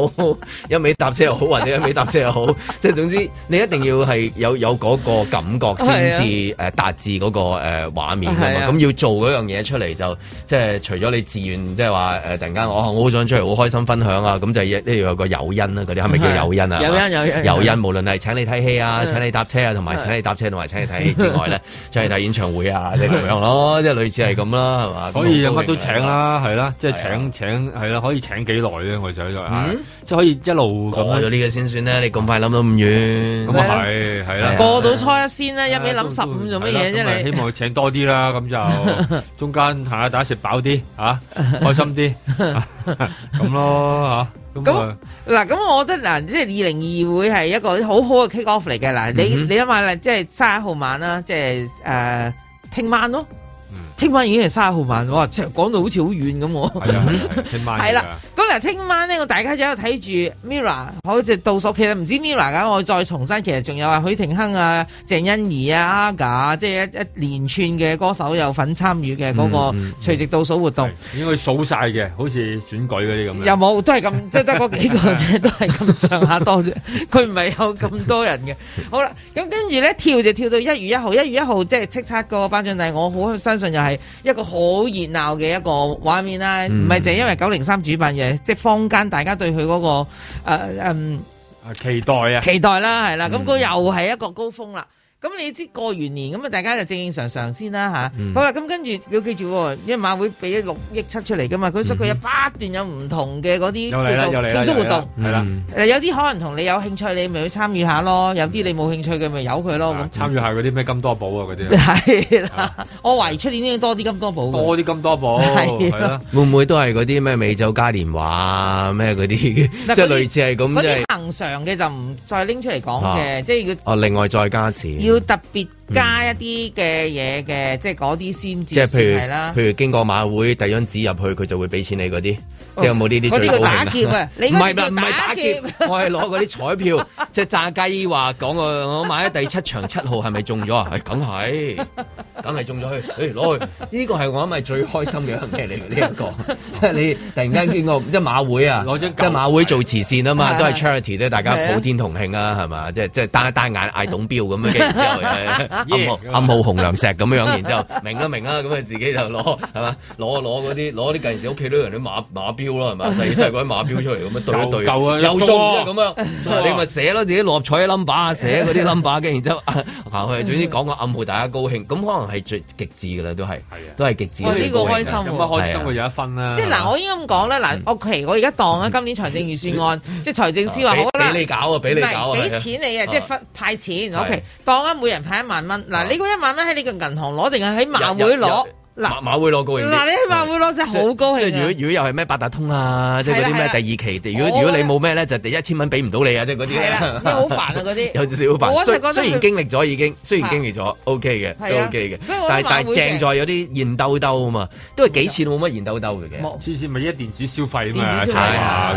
一尾搭車又好，或者一尾搭車又好， 即係總之你一定要係有有嗰個感覺先至誒達至嗰個誒畫面啊咁、啊嗯、要做嗰樣嘢出嚟就即係除咗你自願。即係話誒，突然間我好想出嚟，好開心分享啊！咁就呢個有個友因啦，嗰啲係咪叫友因啊？友因，友因，友因。無論係請你睇戲啊，請你搭車啊，同埋請你搭車同埋請你睇戲之外咧，就係睇演唱會啊，你咁樣咯，即係類似係咁啦，係嘛？可以乜都請啦，係啦，即係請請係啦，可以請幾耐咧？我哋想咗，即係可以一路講咗呢個先算咧。你咁快諗到咁遠，咁啊係係啦。過到初一先啦，一味諗十五做乜嘢？啫你希望請多啲啦，咁就中間下大家食飽啲啊！心啲咁咯吓咁嗱咁， 那 我覺得嗱，即係二零二二會係一個好好嘅 kick off 嚟嘅嗱，你你諗下啦，即係三十一號晚啦，即係誒聽晚咯。聽晚已經係三十號晚哇！講講到好似好遠咁喎。係啦，咁嚟聽晚呢，我大家就喺度睇住 Mira，好似倒數其實。唔知 Mira 啊，我再重申，其實仲有啊、許廷鏗、啊、鄭欣宜啊、Aga，即係一連串嘅歌手有份參與嘅嗰、嗰個隨即倒數活動。嗯嗯嗯、應該數晒嘅，好似選舉嗰啲咁。有冇，都係咁，即係得嗰幾個啫，都係咁上下多啫。佢唔係有咁多人嘅。好啦，咁跟住咧跳就跳到一月一號，一月一號即係叱咤個頒獎禮我好相信又係一個好熱鬧嘅一個畫面啦，唔係淨係因為九零三主辦嘅，即係坊間大家對佢嗰個誒誒，呃嗯、期待啊，期待啦，係啦，咁嗰、嗯、又係一個高峰啦。咁你知過完年咁啊，大家就正正常常先啦吓，好啦，咁跟住要記住，因為馬會俾六億七出嚟噶嘛。佢所佢有不斷有唔同嘅嗰啲叫做慶祝活動，係啦。有啲可能同你有興趣，你咪去參與下咯；有啲你冇興趣嘅，咪由佢咯。咁參與下嗰啲咩金多寶啊嗰啲係我懷疑出年應該多啲金多寶，多啲金多寶係咯。會唔會都係嗰啲咩美酒嘉年華咩嗰啲，即係類似係咁。嗰啲恆常嘅就唔再拎出嚟講嘅，即係要另外再加錢。要特別加一啲嘅嘢嘅，嗯、即係嗰啲先至。即係譬如，譬如經過馬會遞張紙入去，佢就會俾錢你嗰啲。哦、即係有冇呢啲最好嘅？我打劫啊！唔係唔係打劫，我係攞嗰啲彩票，即係 炸雞話講我我買咗第七場七號係咪中咗啊？係梗係。 梗係中咗佢，誒攞去。呢個係我諗係最開心嘅一樣嚟，呢一個即係你突然間見過即係馬會啊，攞張即係馬會做慈善啊嘛，都係 charity 大家普天同慶啊，係嘛？即係即係單一單眼嗌董驃咁啊，然之後暗號暗號紅良石咁樣，然之後明啦明啦，咁啊自己就攞係嘛，攞攞嗰啲攞啲近時屋企都有人啲馬馬錶啦，係嘛？細細啲馬錶出嚟咁樣。對一對，又中咁樣，你咪寫咯，自己落彩 number 寫嗰啲 number，跟然之後行去，總之講個暗號大家高興，咁可能係最極致噶啦，都係，都係極致。我呢個開心，有開心會有一分啦。即係嗱，我應該咁講啦，嗱，O K，我而家當啊，今年財政預算案，即係財政司話好啦，俾你搞啊，俾你搞啊，俾錢你啊，即係分派錢，O K，當啊，每人派一萬蚊。嗱，你嗰一萬蚊喺你個銀行攞定係喺馬會攞？嗱，馬會攞高興啲。嗱，你馬會攞只好高興。即如果如果又係咩八達通啊，即係嗰啲咩第二期。如果如果你冇咩咧，就第一千蚊俾唔到你啊，即係嗰啲。係啊，好煩啊嗰啲。有少少煩。雖然經歷咗已經，雖然經歷咗，OK 嘅，都 OK 嘅。所以我馬會。但係但係正在有啲現兜兜啊嘛，都係幾次都冇乜現兜兜嘅嘅。次次咪一電子消費啊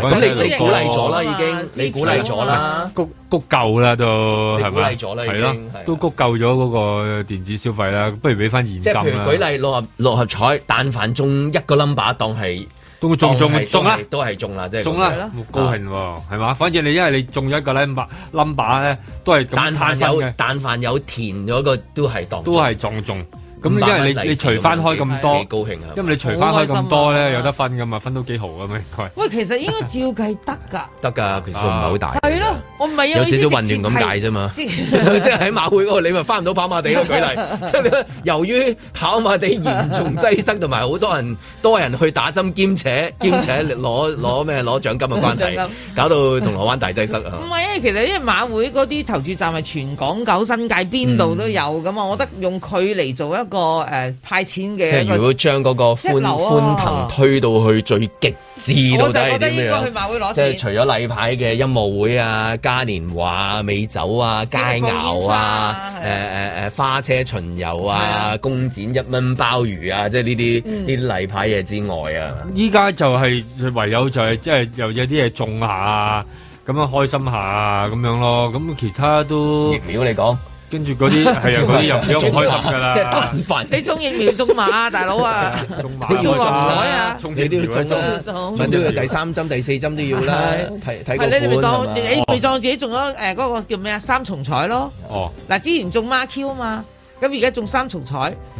嘛，咁你你鼓勵咗啦，已經你鼓勵咗啦。谷夠啦都係咪？都谷夠咗嗰個電子消費啦。不如俾翻現金啦。即係譬如舉例六合六合彩，但凡中一個 number 當係都中是中中、啊、啦，都係中啦，即係、啊。中啦！高興喎、啊，係嘛、啊？反正你因為你中咗一個 number，number 咧都係。但凡有但凡有填咗、嗰個都係當都係撞中。咁因為你你除翻開咁多，高興啊！因為你除翻開咁多咧，有得分噶嘛，分到幾毫咁樣？喂，其實應該照計得㗎，得㗎，其實唔係好大。係咯，我唔係有少少混亂咁解啫嘛，即係喺馬會嗰個你咪翻唔到跑馬地囉。舉例，即係由於跑馬地嚴重擠塞，同埋好多人多人去打針兼且兼且攞攞咩攞獎金嘅關係，搞到銅鑼灣大擠塞啊！唔係，其實因為馬會嗰啲投注站係全港九新界邊度都有㗎嘛，我覺得用佢嚟做一個誒、呃、派錢嘅，即係如果將嗰個歡歡騰推到,最極到去最極致度咧，咁樣即係除咗例牌嘅音樂會啊、嘉年華啊、美酒啊、佳餚啊、誒誒誒花車巡遊啊、工是的 展一蚊鮑魚啊，即係呢啲啲例牌嘢之外啊、就是，依家就係唯有就係即係又有啲嘢種下咁樣開心下咁樣咯，咁其他都疫苗你講。跟住嗰啲係啊，嗰啲又唔開心㗎啦！即係難份，你中疫苗中馬啊，大佬啊，中六合彩啊，你都要中啊！唔係都要第三針、第四針都要啦。睇睇過本係你咪當，你未撞自己中咗誒嗰個叫咩啊？三重彩咯。哦，嗱，之前中孖 Q 啊嘛。咁而家中三重彩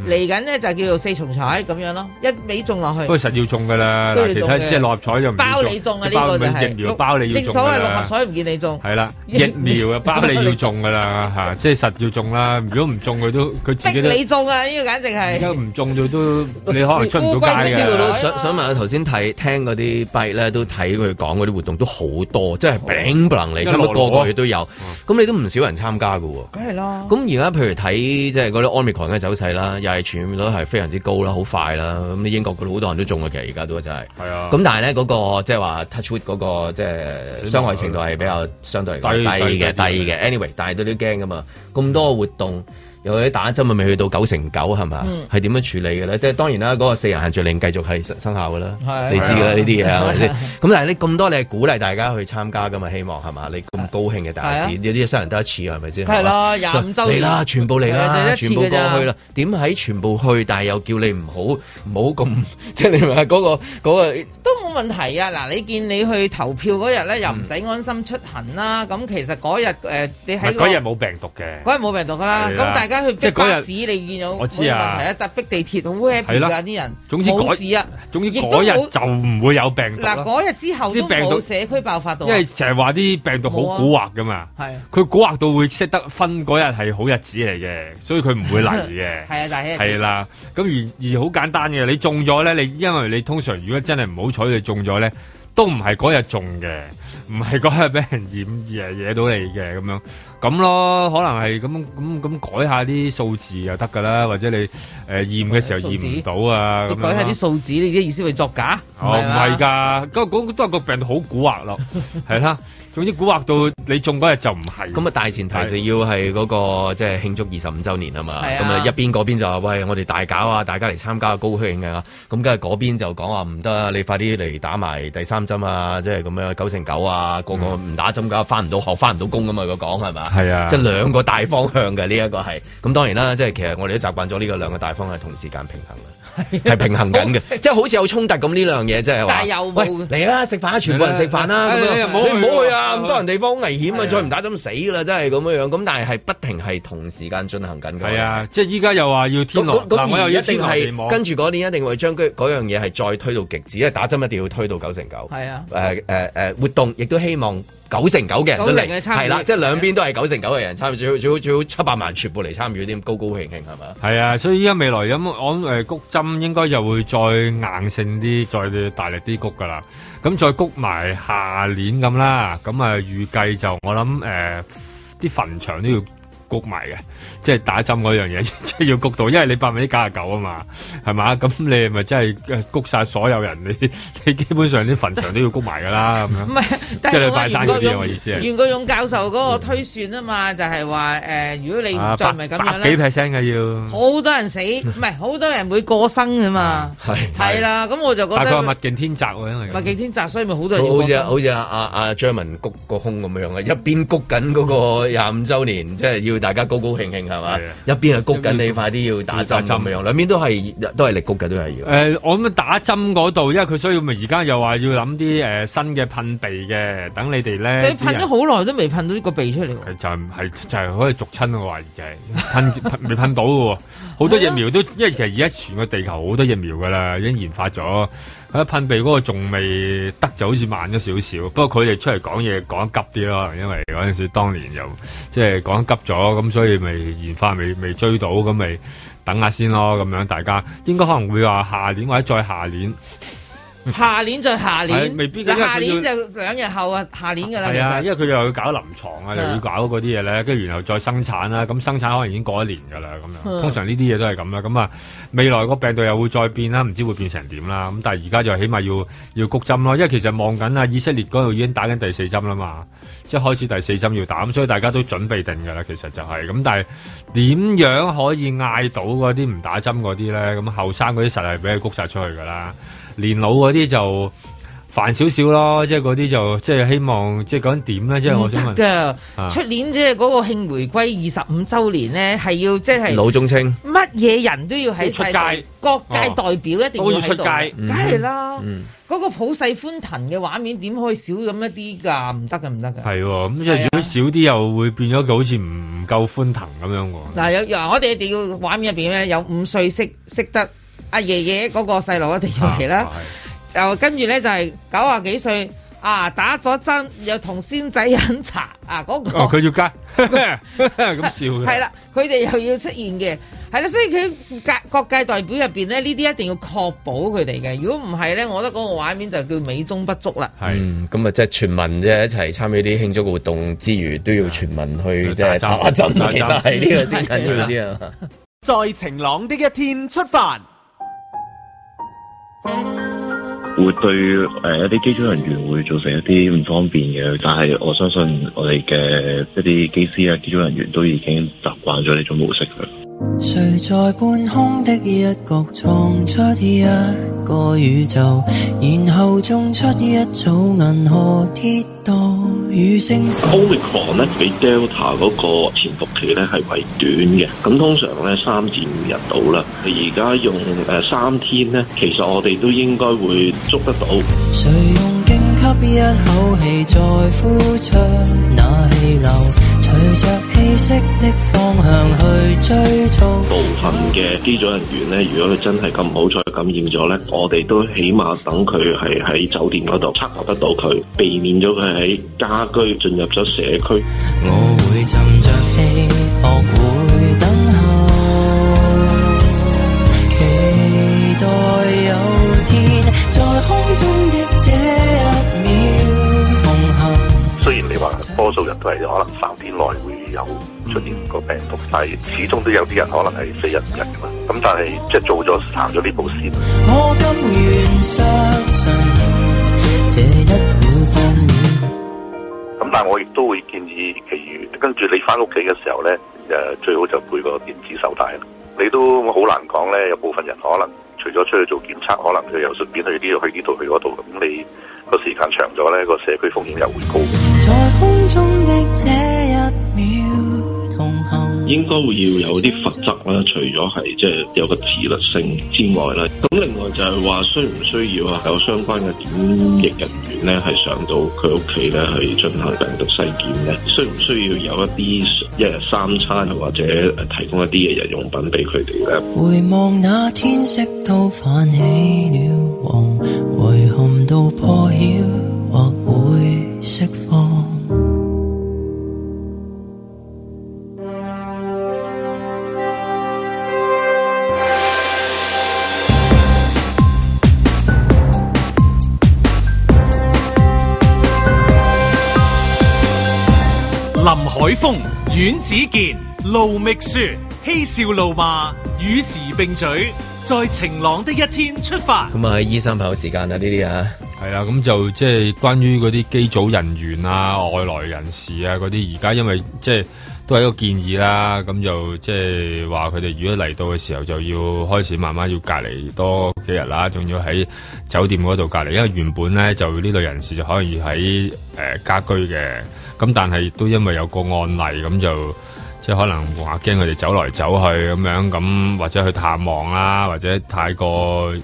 嚟緊咧就叫做四重彩咁樣咯，一味中落去。不過實要中噶啦，即係六合彩就唔包你中啊！呢個就疫苗包你，正所謂六合彩唔見你中。係啦，疫苗啊包你要中噶啦嚇，即係實要中啦。如果唔中佢都佢逼你中啊！呢個簡直係。而家唔中都都你可能出唔到街。想想問下頭先睇聽嗰啲幣咧，都睇佢講嗰啲活動都好多，即係餅不能離，差唔多個個月都有。咁你都唔少人參加嘅喎。梗係啦。咁而家譬如睇即係。嗰啲 Omicron 嘅走勢啦，又係傳染率係非常之高啦，好快啦。咁英國好多人都中嘅，其實而家都真係。係啊。咁但係咧，嗰、那個即係、就、話、是、touch wood 嗰、那個即係、就是、傷害程度係比較相對嚟講低嘅，低嘅。anyway，但係都都驚㗎嘛，咁多活動。嗯有啲打針咪未去到九成九係嘛？係點樣處理嘅咧？即係當然啦，嗰個四人限聚令繼續係生效嘅啦。你知嘅啦，呢啲嘢係咪先？咁但係你咁多，你係鼓勵大家去參加嘅嘛？希望係嘛？你咁高興嘅大日子，有啲新人得一次係咪先？係咯，廿五週年嚟全部嚟啦，全部過去啦。點喺全部去？但係又叫你唔好唔好咁，即係你話嗰個嗰個都冇問題啊！嗱，你見你去投票嗰日咧，又唔使安心出行啦。咁其實嗰日誒，你喺嗰日冇病毒嘅，嗰日冇病毒㗎啦。咁大家。即係嗰日，你見到我知啊，係啊，搭逼地鐵好 happy 啲人們，總之改、啊、總之嗰日就唔會有病毒嗱，嗰日之後啲、啊、病毒社區爆發到，因為成日話啲病毒好蠱惑噶嘛，係佢蠱惑到會識得分嗰日係好日子嚟嘅，所以佢唔會嚟嘅。係啊， 大喜係啦。咁而而好簡單嘅，你中咗咧，你因為你通常如果真係唔好彩你中咗咧。都唔係嗰日中嘅，唔係嗰日俾人驗嘢，驗到你嘅咁樣，咁咯，可能係咁咁咁改下啲數字就得噶啦，或者你誒驗嘅時候驗唔到啊，你改下啲數字，你嘅意思會作假？哦，唔係㗎，咁嗰都係個病好蠱惑咯，係啦。總之蠱惑到你中嗰日就唔係咁啊！大前提就要係嗰個即係慶祝二十五周年啊嘛。咁啊一邊嗰邊就話喂，我哋大搞啊，大家嚟參加高興啊。咁梗係嗰邊就講話，唔得，啊，你快啲嚟打埋第三針啊！即係咁樣九成九啊，個個唔打針噶，翻唔到學，翻唔到工咁嘛。佢講係咪？係啊，即係兩個大方向嘅呢一個係。咁當然啦，即係其實我哋都習慣咗呢個兩個大方向同時間平衡係平衡緊嘅，即係好似有衝突咁呢樣嘢，即係話。但係又，喂，嚟啦食飯啊，全部人食飯啦，咁樣唔好唔好去啊！咁多人地方危險啊，再唔打針死㗎啦，真係咁樣樣。咁但係係不停係同時間進行緊嘅。係啊，即係依家又話要天羅，但係我又一定係跟住嗰年一定會將嗰樣嘢係再推到極致，因為打針一定要推到九成九。係啊，誒誒誒活動亦都希望。九成九嘅人都嚟參，係啦，即係兩邊都係九成九嘅人參與，最好最好最好七百萬全部嚟參與啲咁高高興興係嘛？係啊，所以依家未來咁我諗誒谷針應該就會再硬性啲，再大力啲谷噶啦。咁再谷埋下年咁啦，咁啊預計就我諗誒啲墳場都要谷埋嘅。即係打針嗰樣嘢，即係要谷到，因為你百分之九十九啊嘛，係嘛？咁你咪真係谷晒所有人，你你基本上啲墳場都要谷埋噶啦，咁樣。 唔係告，即係我意思，袁國勇，袁國勇教授嗰個推算啊嘛，就係話誒，如果你唔再，咪咁百幾 percent 嘅要。好要 多人死，唔係好多人會過生噶嘛？係係 啦，咁我就覺得。係個物競天擇啊，因為。物競天擇，所以咪好多人好似好似阿阿阿張文谷個胸咁樣嘅，一邊谷緊嗰個廿五周年，即係要大家高高興。係嘛，入邊係谷緊你，快啲要打針咁樣，兩邊都係都係力谷嘅，都係要。誒、呃，我咁打針嗰度，因為佢所以咪而家又話要諗啲誒新嘅噴鼻嘅，等你哋咧。你噴咗好耐都未噴到呢個鼻出嚟，就是。就係係就係可以續親個位嘅，噴噴未噴到嘅，好多疫苗都， 啊、因為其實而家全個地球好多疫苗噶啦，已經研發咗。佢噴鼻嗰個仲未得，就好似慢咗少少。不過佢哋出嚟講嘢講得急啲咯，因為嗰陣時當年又即係講得急咗，咁所以咪研發未未追到，咁咪等下先咯。咁樣大家應該可能會話下年或者再下年。下年再下年的，未必。下年就兩日後啊，下年噶啦。係啊，因為佢又要搞臨床啊，又要搞嗰啲嘢咧，跟住是的 然後再生產啦。咁生產可能已經過一年噶啦，咁樣通常呢啲嘢都係咁啦。咁啊，未來個病毒又會再變啦，唔知會變成點啦。咁但係而家就起碼要要谷針咯，因為其實望緊啊，以色列嗰度已經打緊第四針啦嘛，即係開始第四針要打，咁所以大家都準備定噶啦。其實就係、是、咁，但係點樣可以嗌到嗰啲唔打針嗰啲咧？咁後生嗰啲實係俾佢谷晒出去噶啦。年老嗰啲就煩少少咯，即係嗰啲就即、是、係、就是、希望，即係講點咧？即係我想問，出年即係嗰個慶回歸二十五周年咧，係、啊、要即、就、係、是、老中青，乜嘢人都要喺出街。各界代表一定要，、啊、要出界。梗係啦。嗰、嗯嗯、個普世歡騰嘅畫面點可以少咁一啲噶？唔得噶，唔得噶。係咁、啊，即係、啊、如果少啲又會變咗好似唔唔夠歡騰咁樣嗱有、啊呃，我哋一定要畫面入邊咧有五歲識識得。阿爺爺嗰個細路一定要嚟啦，啊，就跟住咧就係九啊幾歲啊打咗針，又同仙仔飲茶啊嗰，嗰個哦佢，啊、要加咁笑嘅係啦，佢哋又要出現嘅係啦，所以佢界各界代表入邊咧呢啲一定要確保佢哋嘅，如果唔係咧，我覺得嗰個畫面就叫美中不足啦。係咁啊，即係，嗯、全民即係一齊參與啲慶祝活動之餘，都要全民去即係打針，其實係呢個先緊要啲啊！的 在晴朗的一,一天出發。會對誒一啲機組人員會造成一啲唔方便嘅，但係我相信我哋嘅一啲機師啊、機組人員都已經習慣咗呢種模式㗎啦。誰在半空的一角創出一個宇宙，然後種出一組銀河、鐵道與星星。Omicron 呢，比 Delta 嗰個潛伏期呢係為短嘅，咁通常呢三至五日到啦。而而家用誒三天呢，其實我哋都應該會捉得到。部分嘅機組人員呢，如果佢真係咁好彩感染咗呢，我哋都起碼等佢係喺酒店嗰度測得到佢，避免咗佢喺家居進入咗社區。多數人都係可能三天內會有出現個病毒，但係始終都有啲人可能係四日五日噶嘛。咁但係即係做咗行咗呢部線。我甘願相信這一秒半秒。咁但係我亦都會建議其餘，譬如跟住你翻屋企嘅時候咧，誒最好就配個電子手帶。你都好難講咧，有部分人可能。除咗出去做檢測，可能佢又順便去呢度、去呢度、去嗰度，咁你個時間長咗咧，個社區風險又會高。在空中的這一秒應該會要有啲罰則啦，除咗係即係有個自律性之外啦，咁另外就係話需唔需要啊，有相關嘅檢疫人員咧，係上到佢屋企咧，去進行病毒細檢咧，需唔需要有一啲一日三餐或者提供一啲嘅日用品俾佢哋咧？阮子健盧覓雪嬉笑怒罵與時並舉，在晴朗的一天出發。咁、e、啊，喺醫生朋友時間啦呢啲啊，係啦，咁就即、是、係關於嗰啲機組人員啊、外來人士啊嗰啲，而家因為即係、就是、都係一個建議啦、啊，咁就即係話佢哋如果嚟到嘅時候就要開始慢慢要隔離多幾日啦、啊，仲要喺酒店嗰度隔離，因為原本咧就呢類人士就可以喺誒家居嘅。咁但係亦都因為有個案例咁就即係可能話驚佢哋走來走去咁樣咁，或者去探望啦，或者太過誒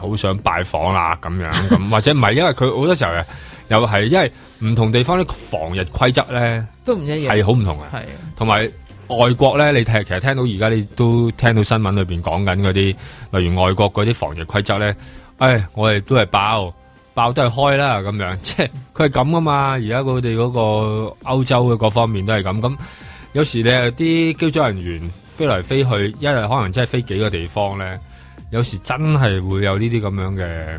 好、呃、想拜訪啦咁樣咁，或者唔係 因為佢好多時候嘅又係因為唔同地方啲防疫規則咧都唔一樣係好唔同嘅，啊，同埋外國咧，你睇其實聽到而家你都聽到新聞裏面講緊嗰啲，例如外國嗰啲防疫規則咧，誒我哋都係包。爆都係開啦咁樣，即係佢係咁㗎嘛。而家佢哋嗰個歐洲嘅各方面都係咁。咁有時咧啲機組人員飛嚟飛去，一日可能真係飛幾個地方咧，有時真係會有呢啲咁樣嘅。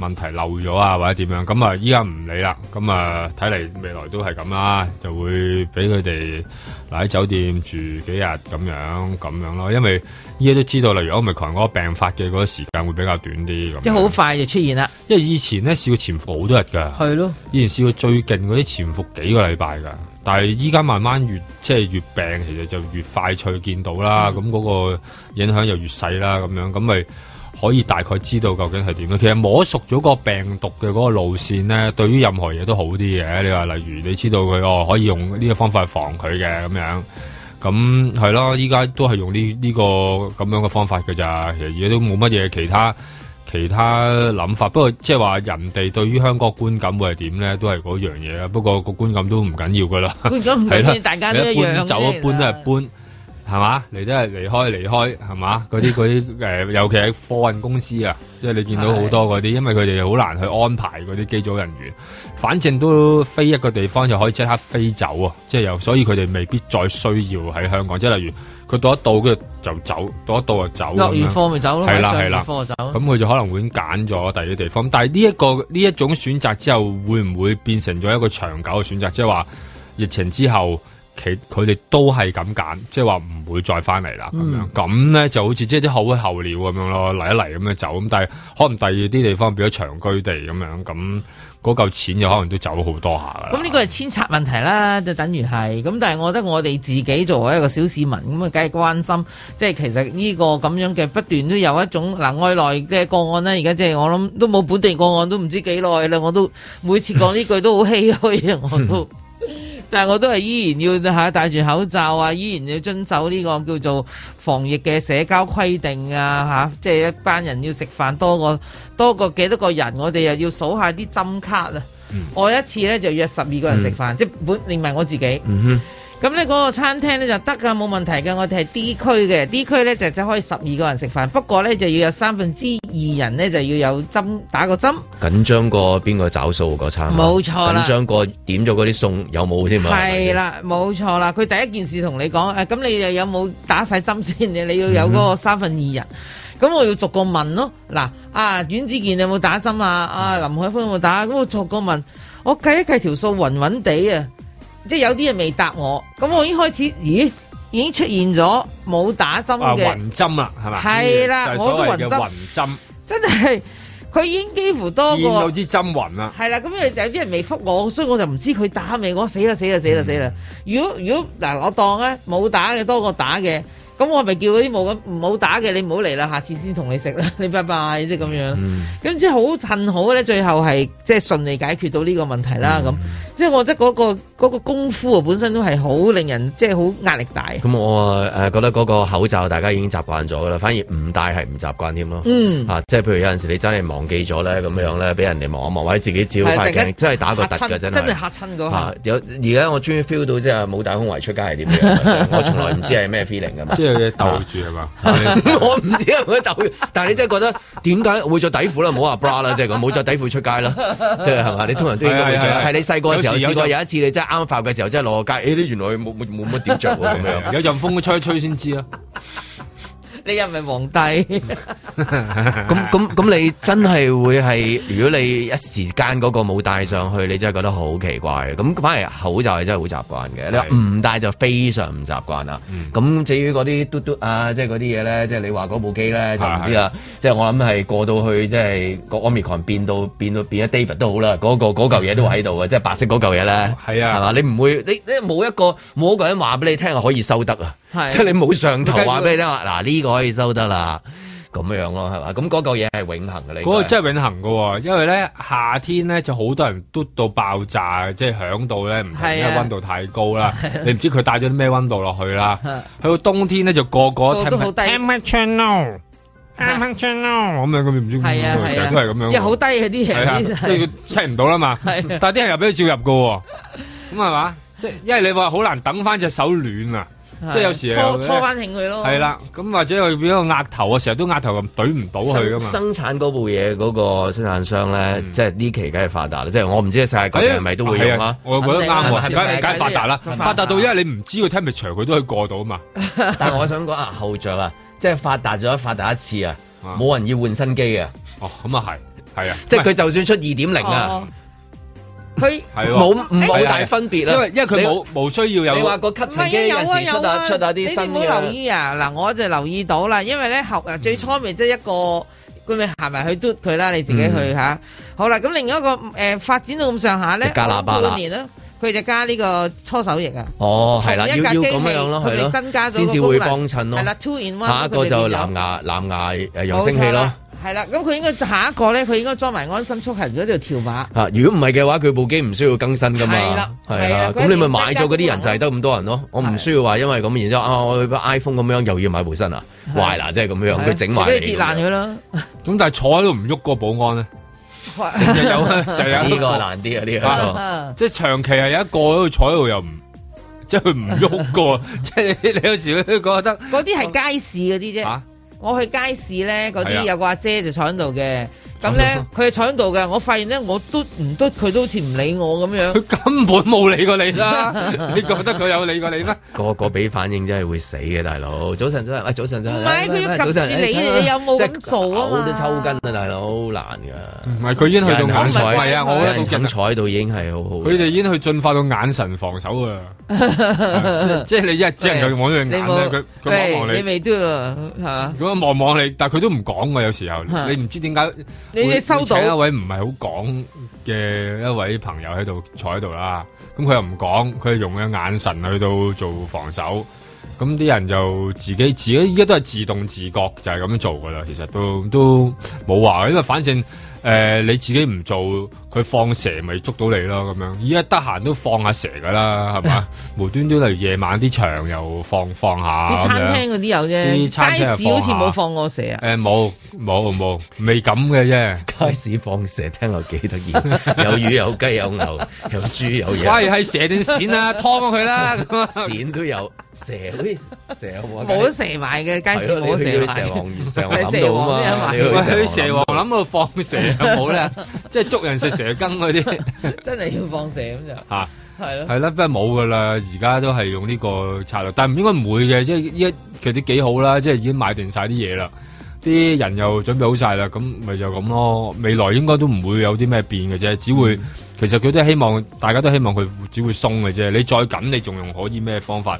問題漏咗啊，或者點樣？咁啊，依家唔理啦。咁啊，睇嚟未來都係咁啦，就會俾佢哋留喺酒店住幾日咁樣咁樣咯。因為依家都知道，例如我咪強嗰個病發嘅嗰個時間會比較短啲。即係好快就出現啦。因為以前咧，試過潛伏好多日㗎。係咯的，以前試過最近嗰啲潛伏幾個禮拜㗎。但係依家慢慢越即係越病，其實就越快脆見到啦。咁嗰、嗯、個影響又越細啦。咁樣咁咪。可以大概知道究竟係點樣。其實摸熟咗個病毒嘅嗰個路線咧，對於任何嘢都好啲嘅。你話例如你知道佢哦，可以用呢個方法去防佢嘅咁樣，咁係咯。依家都係用呢呢、呢個咁樣嘅方法㗎咋。其實而家都冇乜嘢其他其他諗法。不過即係話人哋對於香港觀感會係點咧，都係嗰樣嘢啦。不過個觀感都唔緊要噶啦。觀感唔緊要， 的大家都一樣嘅。走一般都係搬。啊都係嘛？你都係離開離開係嘛？嗰啲啲誒，尤其係貨運公司啊，即係你見到好多嗰啲，的因為佢哋好難去安排嗰啲機組人員。反正都飛一個地方就可以即刻飛走啊！即係又，所以佢哋未必再需要喺香港。即係例如，佢到一度跟住就走，到一度就走。落完貨咪走咯，係啦係啦，貨走。咁佢就可能會揀咗第二啲地方。但係呢一個呢一種選擇之後，會唔會變成咗一個長久嘅選擇？即係話疫情之後。佢佢哋都係咁揀，即係話唔會再翻嚟啦。咁樣咁呢就好似即係啲好尾候鳥咁樣咯，嚟一嚟咁樣走。咁但係可能第二啲地方變咗長居地咁樣，咁嗰嚿錢就可能都走咗好多下啦。咁呢個係遷拆問題啦，就等於係。咁但係我覺得我哋自己作為一個小市民，咁啊梗係關心。即係其實呢個咁樣嘅不斷都有一種嗱外、呃、來嘅個案呢。而家即係我諗都冇本地個案，都唔知幾耐啦。我都每次講呢句都好唏噓，我都。但係我都係依然要吓戴住口罩啊，依然要遵守呢個叫做防疫嘅社交規定啊，吓，即係一班人要食飯多過多過幾多個人，我哋又要數下啲針卡啊。嗯、我一次呢就約十二個人食飯，嗯、即係本連埋我自己。嗯哼咁呢嗰個餐廳咧就得噶，冇問題㗎。我哋係 D 區嘅、mm hmm.，D 區咧就只可以十二個人食飯。不過咧就要有三分之二人咧就要有針打個針。緊張過邊個找數個餐？冇錯啦。緊張過點咗嗰啲餸有冇添啊？係啦，冇錯啦。佢第一件事同你講，誒、啊，咁你又有冇打晒針先？你要有嗰個三分二人。咁、mm hmm. 我要逐個問咯。嗱、啊，啊阮子健有冇打針啊？Mm hmm. 啊林海峰有冇打？咁我逐個問。我計一計條數，暈暈地啊！即係有啲人未答我，咁我已經開始，咦，已經出現咗冇打針嘅。啊，暈針啦，係咪係啦，我都暈針，就是、針真係佢已經幾乎多過。變到支針暈啦。係啦，咁又就有啲人未覆我，所以我就唔知佢打未。我死啦死啦死啦死啦、嗯！如果如果嗱，我當咧冇打嘅多過打嘅。咁我咪叫嗰啲冇咁唔好打嘅，你唔好嚟啦，下次先同你食啦，你拜拜，即係咁樣。咁、嗯、即係好幸好咧，最後係即係順利解決到呢個問題啦。咁、嗯、即係我覺得嗰、嗰個、嗰個功夫啊，本身都係好令人即係好壓力大。咁我誒、呃、覺得嗰個口罩大家已經習慣咗啦，反而唔戴係唔習慣添咯。即係譬如有陣時你真係忘記咗咧，咁樣咧俾人哋望一望，或者自己照快鏡，的鏡真係打個突嘅親真係嚇親。嗰下。而家、啊、我終於 feel 到即係冇戴口罩出街係點樣， 我從來唔知係咩 feeling 噶嘛。 佢哋斗住係嘛？我唔知係咪斗住，但係你真係覺得點解會着底褲啦？唔好話 bra 啦，即係咁，冇着底褲出街啦，即係係嘛？你通常都應該會著。係你細個嘅時候試過有，有，有一次，你真係啱發嘅時候，真係落個街，誒、欸，你原來冇冇乜點着咁樣，有陣風吹吹先知啦。一咪皇帝？咁咁咁，你真係會係？如果你一時間嗰個冇戴上去，你真係覺得好奇怪。咁反而口罩係真係好習慣嘅。的你話唔戴就非常唔習慣啦。咁、嗯、至於嗰啲嘟嘟啊，即係嗰啲嘢咧，即、就、係、是、你話嗰部機咧就唔知啦。即係、啊、我諗係過到去，即、就、係、是、個 Omicron 變到變到變咗 David 好、那個那個、都好啦，嗰個嗰嚿嘢都喺度嘅，即係白色嗰嚿嘢咧，係啊、哦，係嘛？你唔會，你你冇一個冇一個人話俾你聽可以收得啊，即係你冇上頭話俾你聽。嗱呢個。可以收得啦，咁樣咯，係嘛？咁嗰嚿嘢係永恆嘅，嗰個真係永恆噶，因為咧夏天咧就好多人嘟到爆炸，即係響度咧唔係，因為溫度太高啦，你唔知佢帶咗啲咩溫度落去啦。去到冬天咧就個個都好低，咁樣咁唔知，係啊係都咁樣，又好低嘅啲嘢，所以佢測唔到啦嘛。但係啲人又俾佢照入噶，咁係嘛？即係因為你話好難等翻隻手暖啊。即係有時搓搓翻興趣咯，係啦，咁或者佢變咗個額頭啊，成日都額頭咁懟唔到佢啊嘛。生產嗰部嘢嗰個生產商咧，即係呢期梗係發達啦，即係我唔知世界，係咪都會啊？我又覺得啱喎。梗係梗係發達啦，發達到因為你唔知佢聽咪長，佢都可以過到嘛。但係我想講啊，後著啊，即係發達咗發達一次啊，冇人要換新機啊。哦，咁啊係，係啊，即係佢就算出二點零啊。佢係冇唔冇大分別啦，因為因為佢冇冇需要有。你話個吸塵機有啊有啊，出下啲新嘅。你唔好留意啊，嗱，我就留意到啦，因為咧學嗱最初咪即係一個佢咪行埋去嘟佢啦，你自己去吓。好啦，咁另一個誒發展到咁上下咧，加喇叭啦，半年咯，佢就加呢個搓手液啊。哦，係啦，要要咁樣樣咯，佢增加咗先至會幫襯咯。係啦，two in one，下一個就藍牙藍牙誒揚聲器咯。係啦，咁佢應該下一個咧，佢應該裝埋安心出行嗰條條碼。啊，如果唔係嘅話，佢部機唔需要更新噶嘛。係啦，係啦，咁你咪買咗嗰啲人就係得咁多人咯。我唔需要話因為咁，然之後啊，我部 iPhone 咁樣又要買部新啊，壞啦，即係咁樣，佢整壞。自己跌爛佢啦。咁但係坐喺度唔喐個保安咧，成日呢個難啲啊呢個，即係長期係有一個喺度坐喺度又唔，即係佢唔喐個，即係你有時會覺得嗰啲係街市嗰啲啫。我去街市咧，嗰啲有個阿姐就坐喺度嘅。咁咧，佢坐喺度嘅，我發現咧，我都唔得，佢都好似唔理我咁樣。佢根本冇理過你啦，你覺得佢有理過你咩？個個俾反應真係會死嘅，大佬。早晨，早晨，早晨，早晨。唔係，佢要撳住你，你有冇咁做啊？手抽筋啊，大佬好難噶。唔係，佢已經去到眼彩。唔係啊，我覺得到眼彩度已經係好好。佢哋已經去進化到眼神防守啊！即係你一日只能用望住眼咧，佢望你，未都吓？咁樣望望你，但係佢都唔講噶，有時候你唔知點解。會你收到？會一位唔係好講嘅一位朋友喺度坐喺度啦，咁佢又唔講，佢用嘅眼神去到做防守，咁啲人就自己自己依家都係自動自覺就係、是、咁樣做噶啦，其實都都冇話，因為反正誒、呃、你自己唔做。佢放蛇咪捉到你咯，咁樣而家得閒都放下蛇噶啦，係嘛？無端端例如夜晚啲場又放放下。啲餐廳嗰啲有啫，街市好似冇放過蛇啊？誒，冇冇冇，未咁嘅啫。街市放蛇，聽落幾得意，有魚有雞有牛有豬有嘢。係係蛇定鱔啊？拖過去啦！鱔都有蛇，好似蛇王冇蛇賣嘅。街咯，啲蛇王蛇王諗到啊！咪去蛇王諗到放蛇好咧，即係捉人食。蛇羹嗰啲，真係要放蛇咁就，吓係咯係啦，不過冇噶啦，而家都係用呢個策略，但唔應該唔會嘅，即係依家其實都幾好啦，即係已經買定晒啲嘢啦，啲人又準備好晒啦，咁咪就咁咯。未來應該都唔會有啲咩變嘅啫，只會其實佢都希望大家都希望佢只會鬆嘅啫。你再緊你仲用可以咩方法？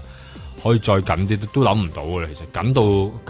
可以再緊啲都諗唔到嘅，其實緊到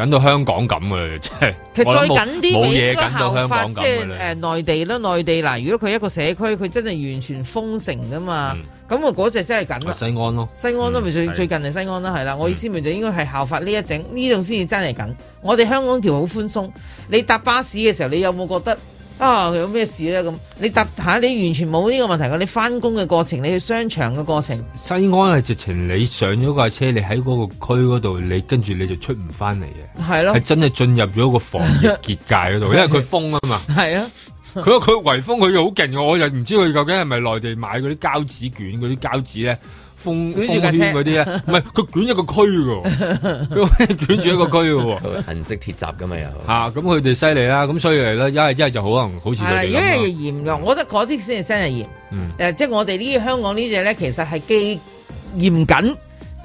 緊到香港咁嘅，即係其實再緊啲冇嘢緊到香港咁嘅咧。誒內地啦，內地嗱，如果佢一個社區，佢真係完全封城㗎嘛，咁啊嗰隻真係緊，西安咯，西安都咪最最近係西安啦，係啦。我意思咪就應該係效法呢一整，呢種先至真係緊。我哋香港條好寬鬆，你搭巴士嘅時候，你有冇覺得？啊！有咩事咧？咁你搭下、啊、你完全冇呢個問題嘅，你翻工嘅過程，你去商場嘅過程，西安係直情你上咗架車，你喺嗰個區嗰度，你跟住你就出唔翻嚟嘅，係咯的，係真係進入咗個防疫結界嗰度， 因為佢封啊嘛，係啊的，佢佢圍封佢又好勁，我又就唔知佢究竟係咪內地買嗰啲膠紙卷嗰啲膠紙咧。封跟住架車嗰啲咧，唔係佢捲一個區噶，佢捲住一個區噶，銀色鐵閘噶嘛又，吓，咁佢哋犀利啦，咁所以嚟啦，一係一係就好可能好似嗰啲，一係嚴咯，我覺得嗰啲先係真係嚴，誒、嗯呃，即係我哋呢香港呢隻咧，其實係幾嚴謹。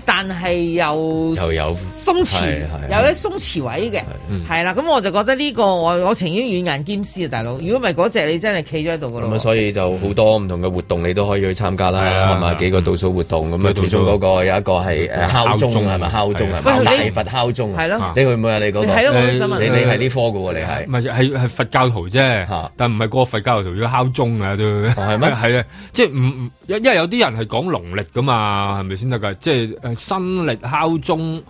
但係又又有鬆弛，有啲鬆弛位嘅，係啦。咁我就覺得呢個我我情願軟硬兼施啊，大佬。如果唔係嗰隻，你真係企咗喺度嘅咯。咁啊，所以就好多唔同嘅活動，你都可以去參加啦，同埋幾個倒數活動。咁啊，其中嗰個有一個係誒敲鐘啊，係咪？敲鐘啊，敲大佛敲鐘啊，係咯。你會唔會啊？你嗰個？係咯，我都想問你，你係呢科嘅喎，你係。唔係佛教徒啫，但唔係個佛教徒要敲鐘啊都。係咩？係啊，即係唔因因為有啲人係講農曆嘅嘛，係咪先得㗎？即係新曆敲鐘，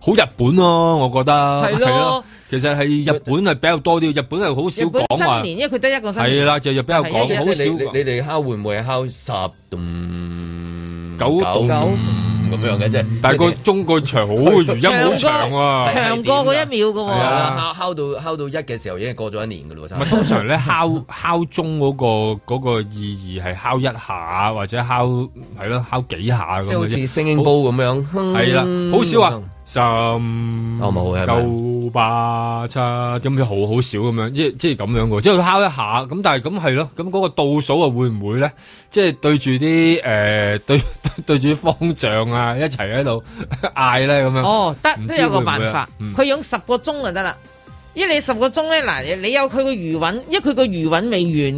好日本咯、啊，我覺得係是咯是、啊，其實係日本係比較多啲，日本係好少講話新年，因為佢得一個新年係啦、啊，就又比較講好少講你。你哋敲會唔會敲十棟九咁樣嘅啫，但個鐘個長好長喎，長過嗰一秒嘅喎、啊啊，敲敲到敲到一嘅時候已經過咗一年嘅嘞喎。咪通常咧敲敲鐘嗰、嗰個嗰個意義係敲一下或者敲係咯敲,敲幾下咁好似聖經煲咁樣，係啦好、嗯啊，好少啊。就三、哦、九八,八七咁好好少咁樣，即係即係咁樣嘅，即係佢敲一下咁，但係咁係咯，咁嗰個倒數啊會唔會咧？即係對住啲誒，對對住啲方丈啊，一齊喺度嗌咧咁樣。哦，得，都有個辦法，佢、嗯、用十個鐘就得啦。因為你十個鐘咧，嗱，你有佢個餘韻，因為佢個餘韻未完，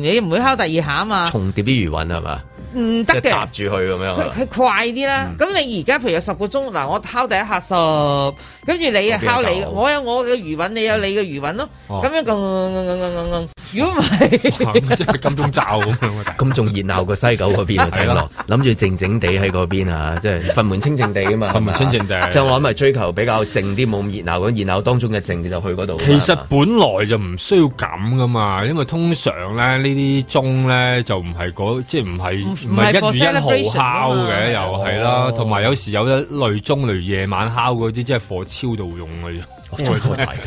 你唔會敲第二下啊嘛。重疊啲餘韻係嘛。唔得嘅，搭住佢咁樣，佢快啲啦。咁你而家譬如有十個鐘嗱，我敲第一下十，跟住你啊敲你，我有我嘅餘韻，你有你嘅餘韻咯。咁樣咁如果唔係，即係金鐘罩咁樣咁仲熱鬧過西九嗰邊啊？睇落，諗住靜靜地喺嗰邊啊，即係佛門清靜地啊嘛。佛門清靜地，就我諗係追求比較靜啲，冇咁熱鬧。咁熱鬧當中嘅靜就去嗰度。其實本來就唔需要咁噶嘛，因為通常咧呢啲鐘咧就唔係嗰即係唔係。唔係一月一號敲嘅又係啦，同埋、哦、有時有一類鐘例如夜晚敲嗰啲，即係火超度用嘅，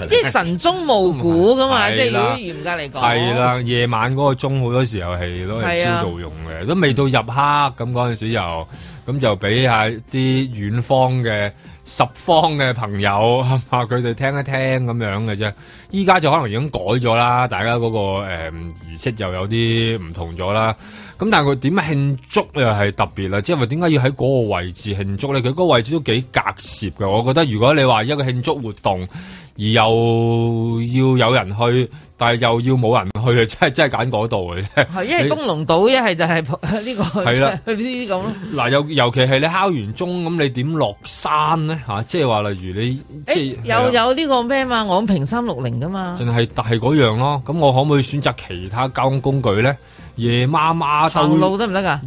即係神鐘無鼓㗎嘛，即係是啦 如果嚴格嚟講，係啦，啦，夜晚嗰個鐘好多時候係都係超度用嘅，都未是、啊、到入黑咁嗰陣時又咁就俾下啲遠方嘅。十方嘅朋友，嚇佢哋聽一聽咁樣嘅啫。依家就可能已經改咗啦，大家嗰個、那個誒、呃、儀式又有啲唔同咗啦。咁但係佢點慶祝又係特別啦，即係佢點解要喺嗰個位置慶祝咧？佢嗰個位置都幾隔涉嘅。我覺得如果你話一個慶祝活動。而又要有人去，但係又要冇人去，真係真係揀嗰度嘅啫。係，因為東龍島一係就係呢、這個。係啦的，呢啲咁。嗱，尤尤其係你敲完鐘咁，你點落山咧？吓、啊，即係話例如你，欸、即係是又有呢的個咩嘛？我平三六零噶嘛。淨係但係嗰樣咯，咁我可唔可以選擇其他交通工具咧？夜媽媽兜路得唔得噶？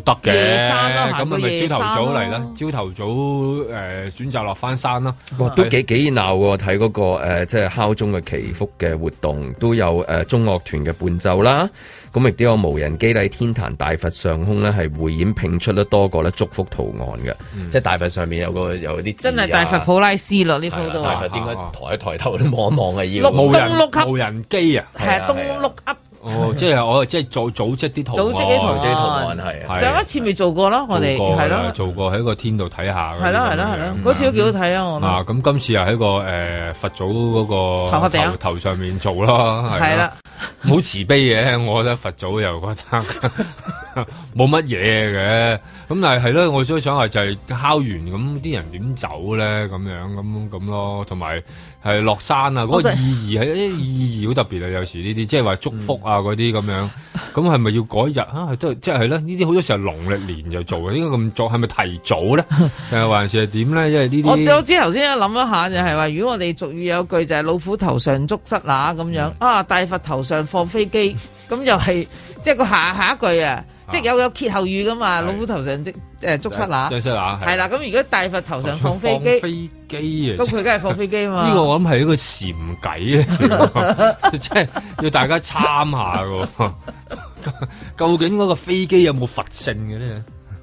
都得嘅，咁咪朝頭早嚟啦，朝頭、啊、早誒、呃、選擇落翻山啦。哇，都幾幾熱鬧喎！睇嗰是、嗰個誒、呃，即係敲鐘嘅祈福嘅活動，都有誒、呃、中樂團嘅伴奏啦。咁亦都有無人機喺天壇大佛上空咧，係匯演拼出咗多個咧祝福圖案嘅。嗯、即係大佛上面有個有啲、啊、真係大佛普拉斯落呢幅圖，大佛點解抬一抬頭咧望一望嘅要？六六無人機啊，係東陸 u 哦，即係我即係做組織啲圖組織啲圖案，係啊！上一次咪做過咯，我哋係咯，做過喺個天度睇下。係咯係咯係咯，嗰次都幾好睇啊！我嗱，咁今次又喺個誒佛祖嗰個頭頭上面做咯，係啦，好慈悲嘅，我覺得佛祖又覺得冇乜嘢嘅。咁但係係咧，我所想話就係敲完咁啲人點走咧咁樣咁咁咯，同埋係落山啊！嗰、那個意義係啲是、欸、意義好特別啊！有時呢啲即係話祝福啊嗰啲咁樣，咁係咪要改日啊？都即係咧呢啲好多時候農曆年就做嘅，應該咁做係咪提早咧？定 還是係點咧？因為呢啲我我知頭先諗一下就係、是、話，如果我哋俗語有一句就係老虎頭上捉虱乸咁樣、嗯、啊，大佛頭上放飛機咁 又係即係個下一下一句啊！啊、即係有有歇後語㗎嘛，是老虎頭上、呃、的誒捉蟋乸，捉蟋乸係啦。咁如果大佛頭上放飛機，飛機啊，咁佢梗係放飛機，放飛機嘛啊嘛。呢、呢個我諗係一個禪偈啊，即係 要大家參下喎。究竟嗰個飛機有冇佛性嘅咧？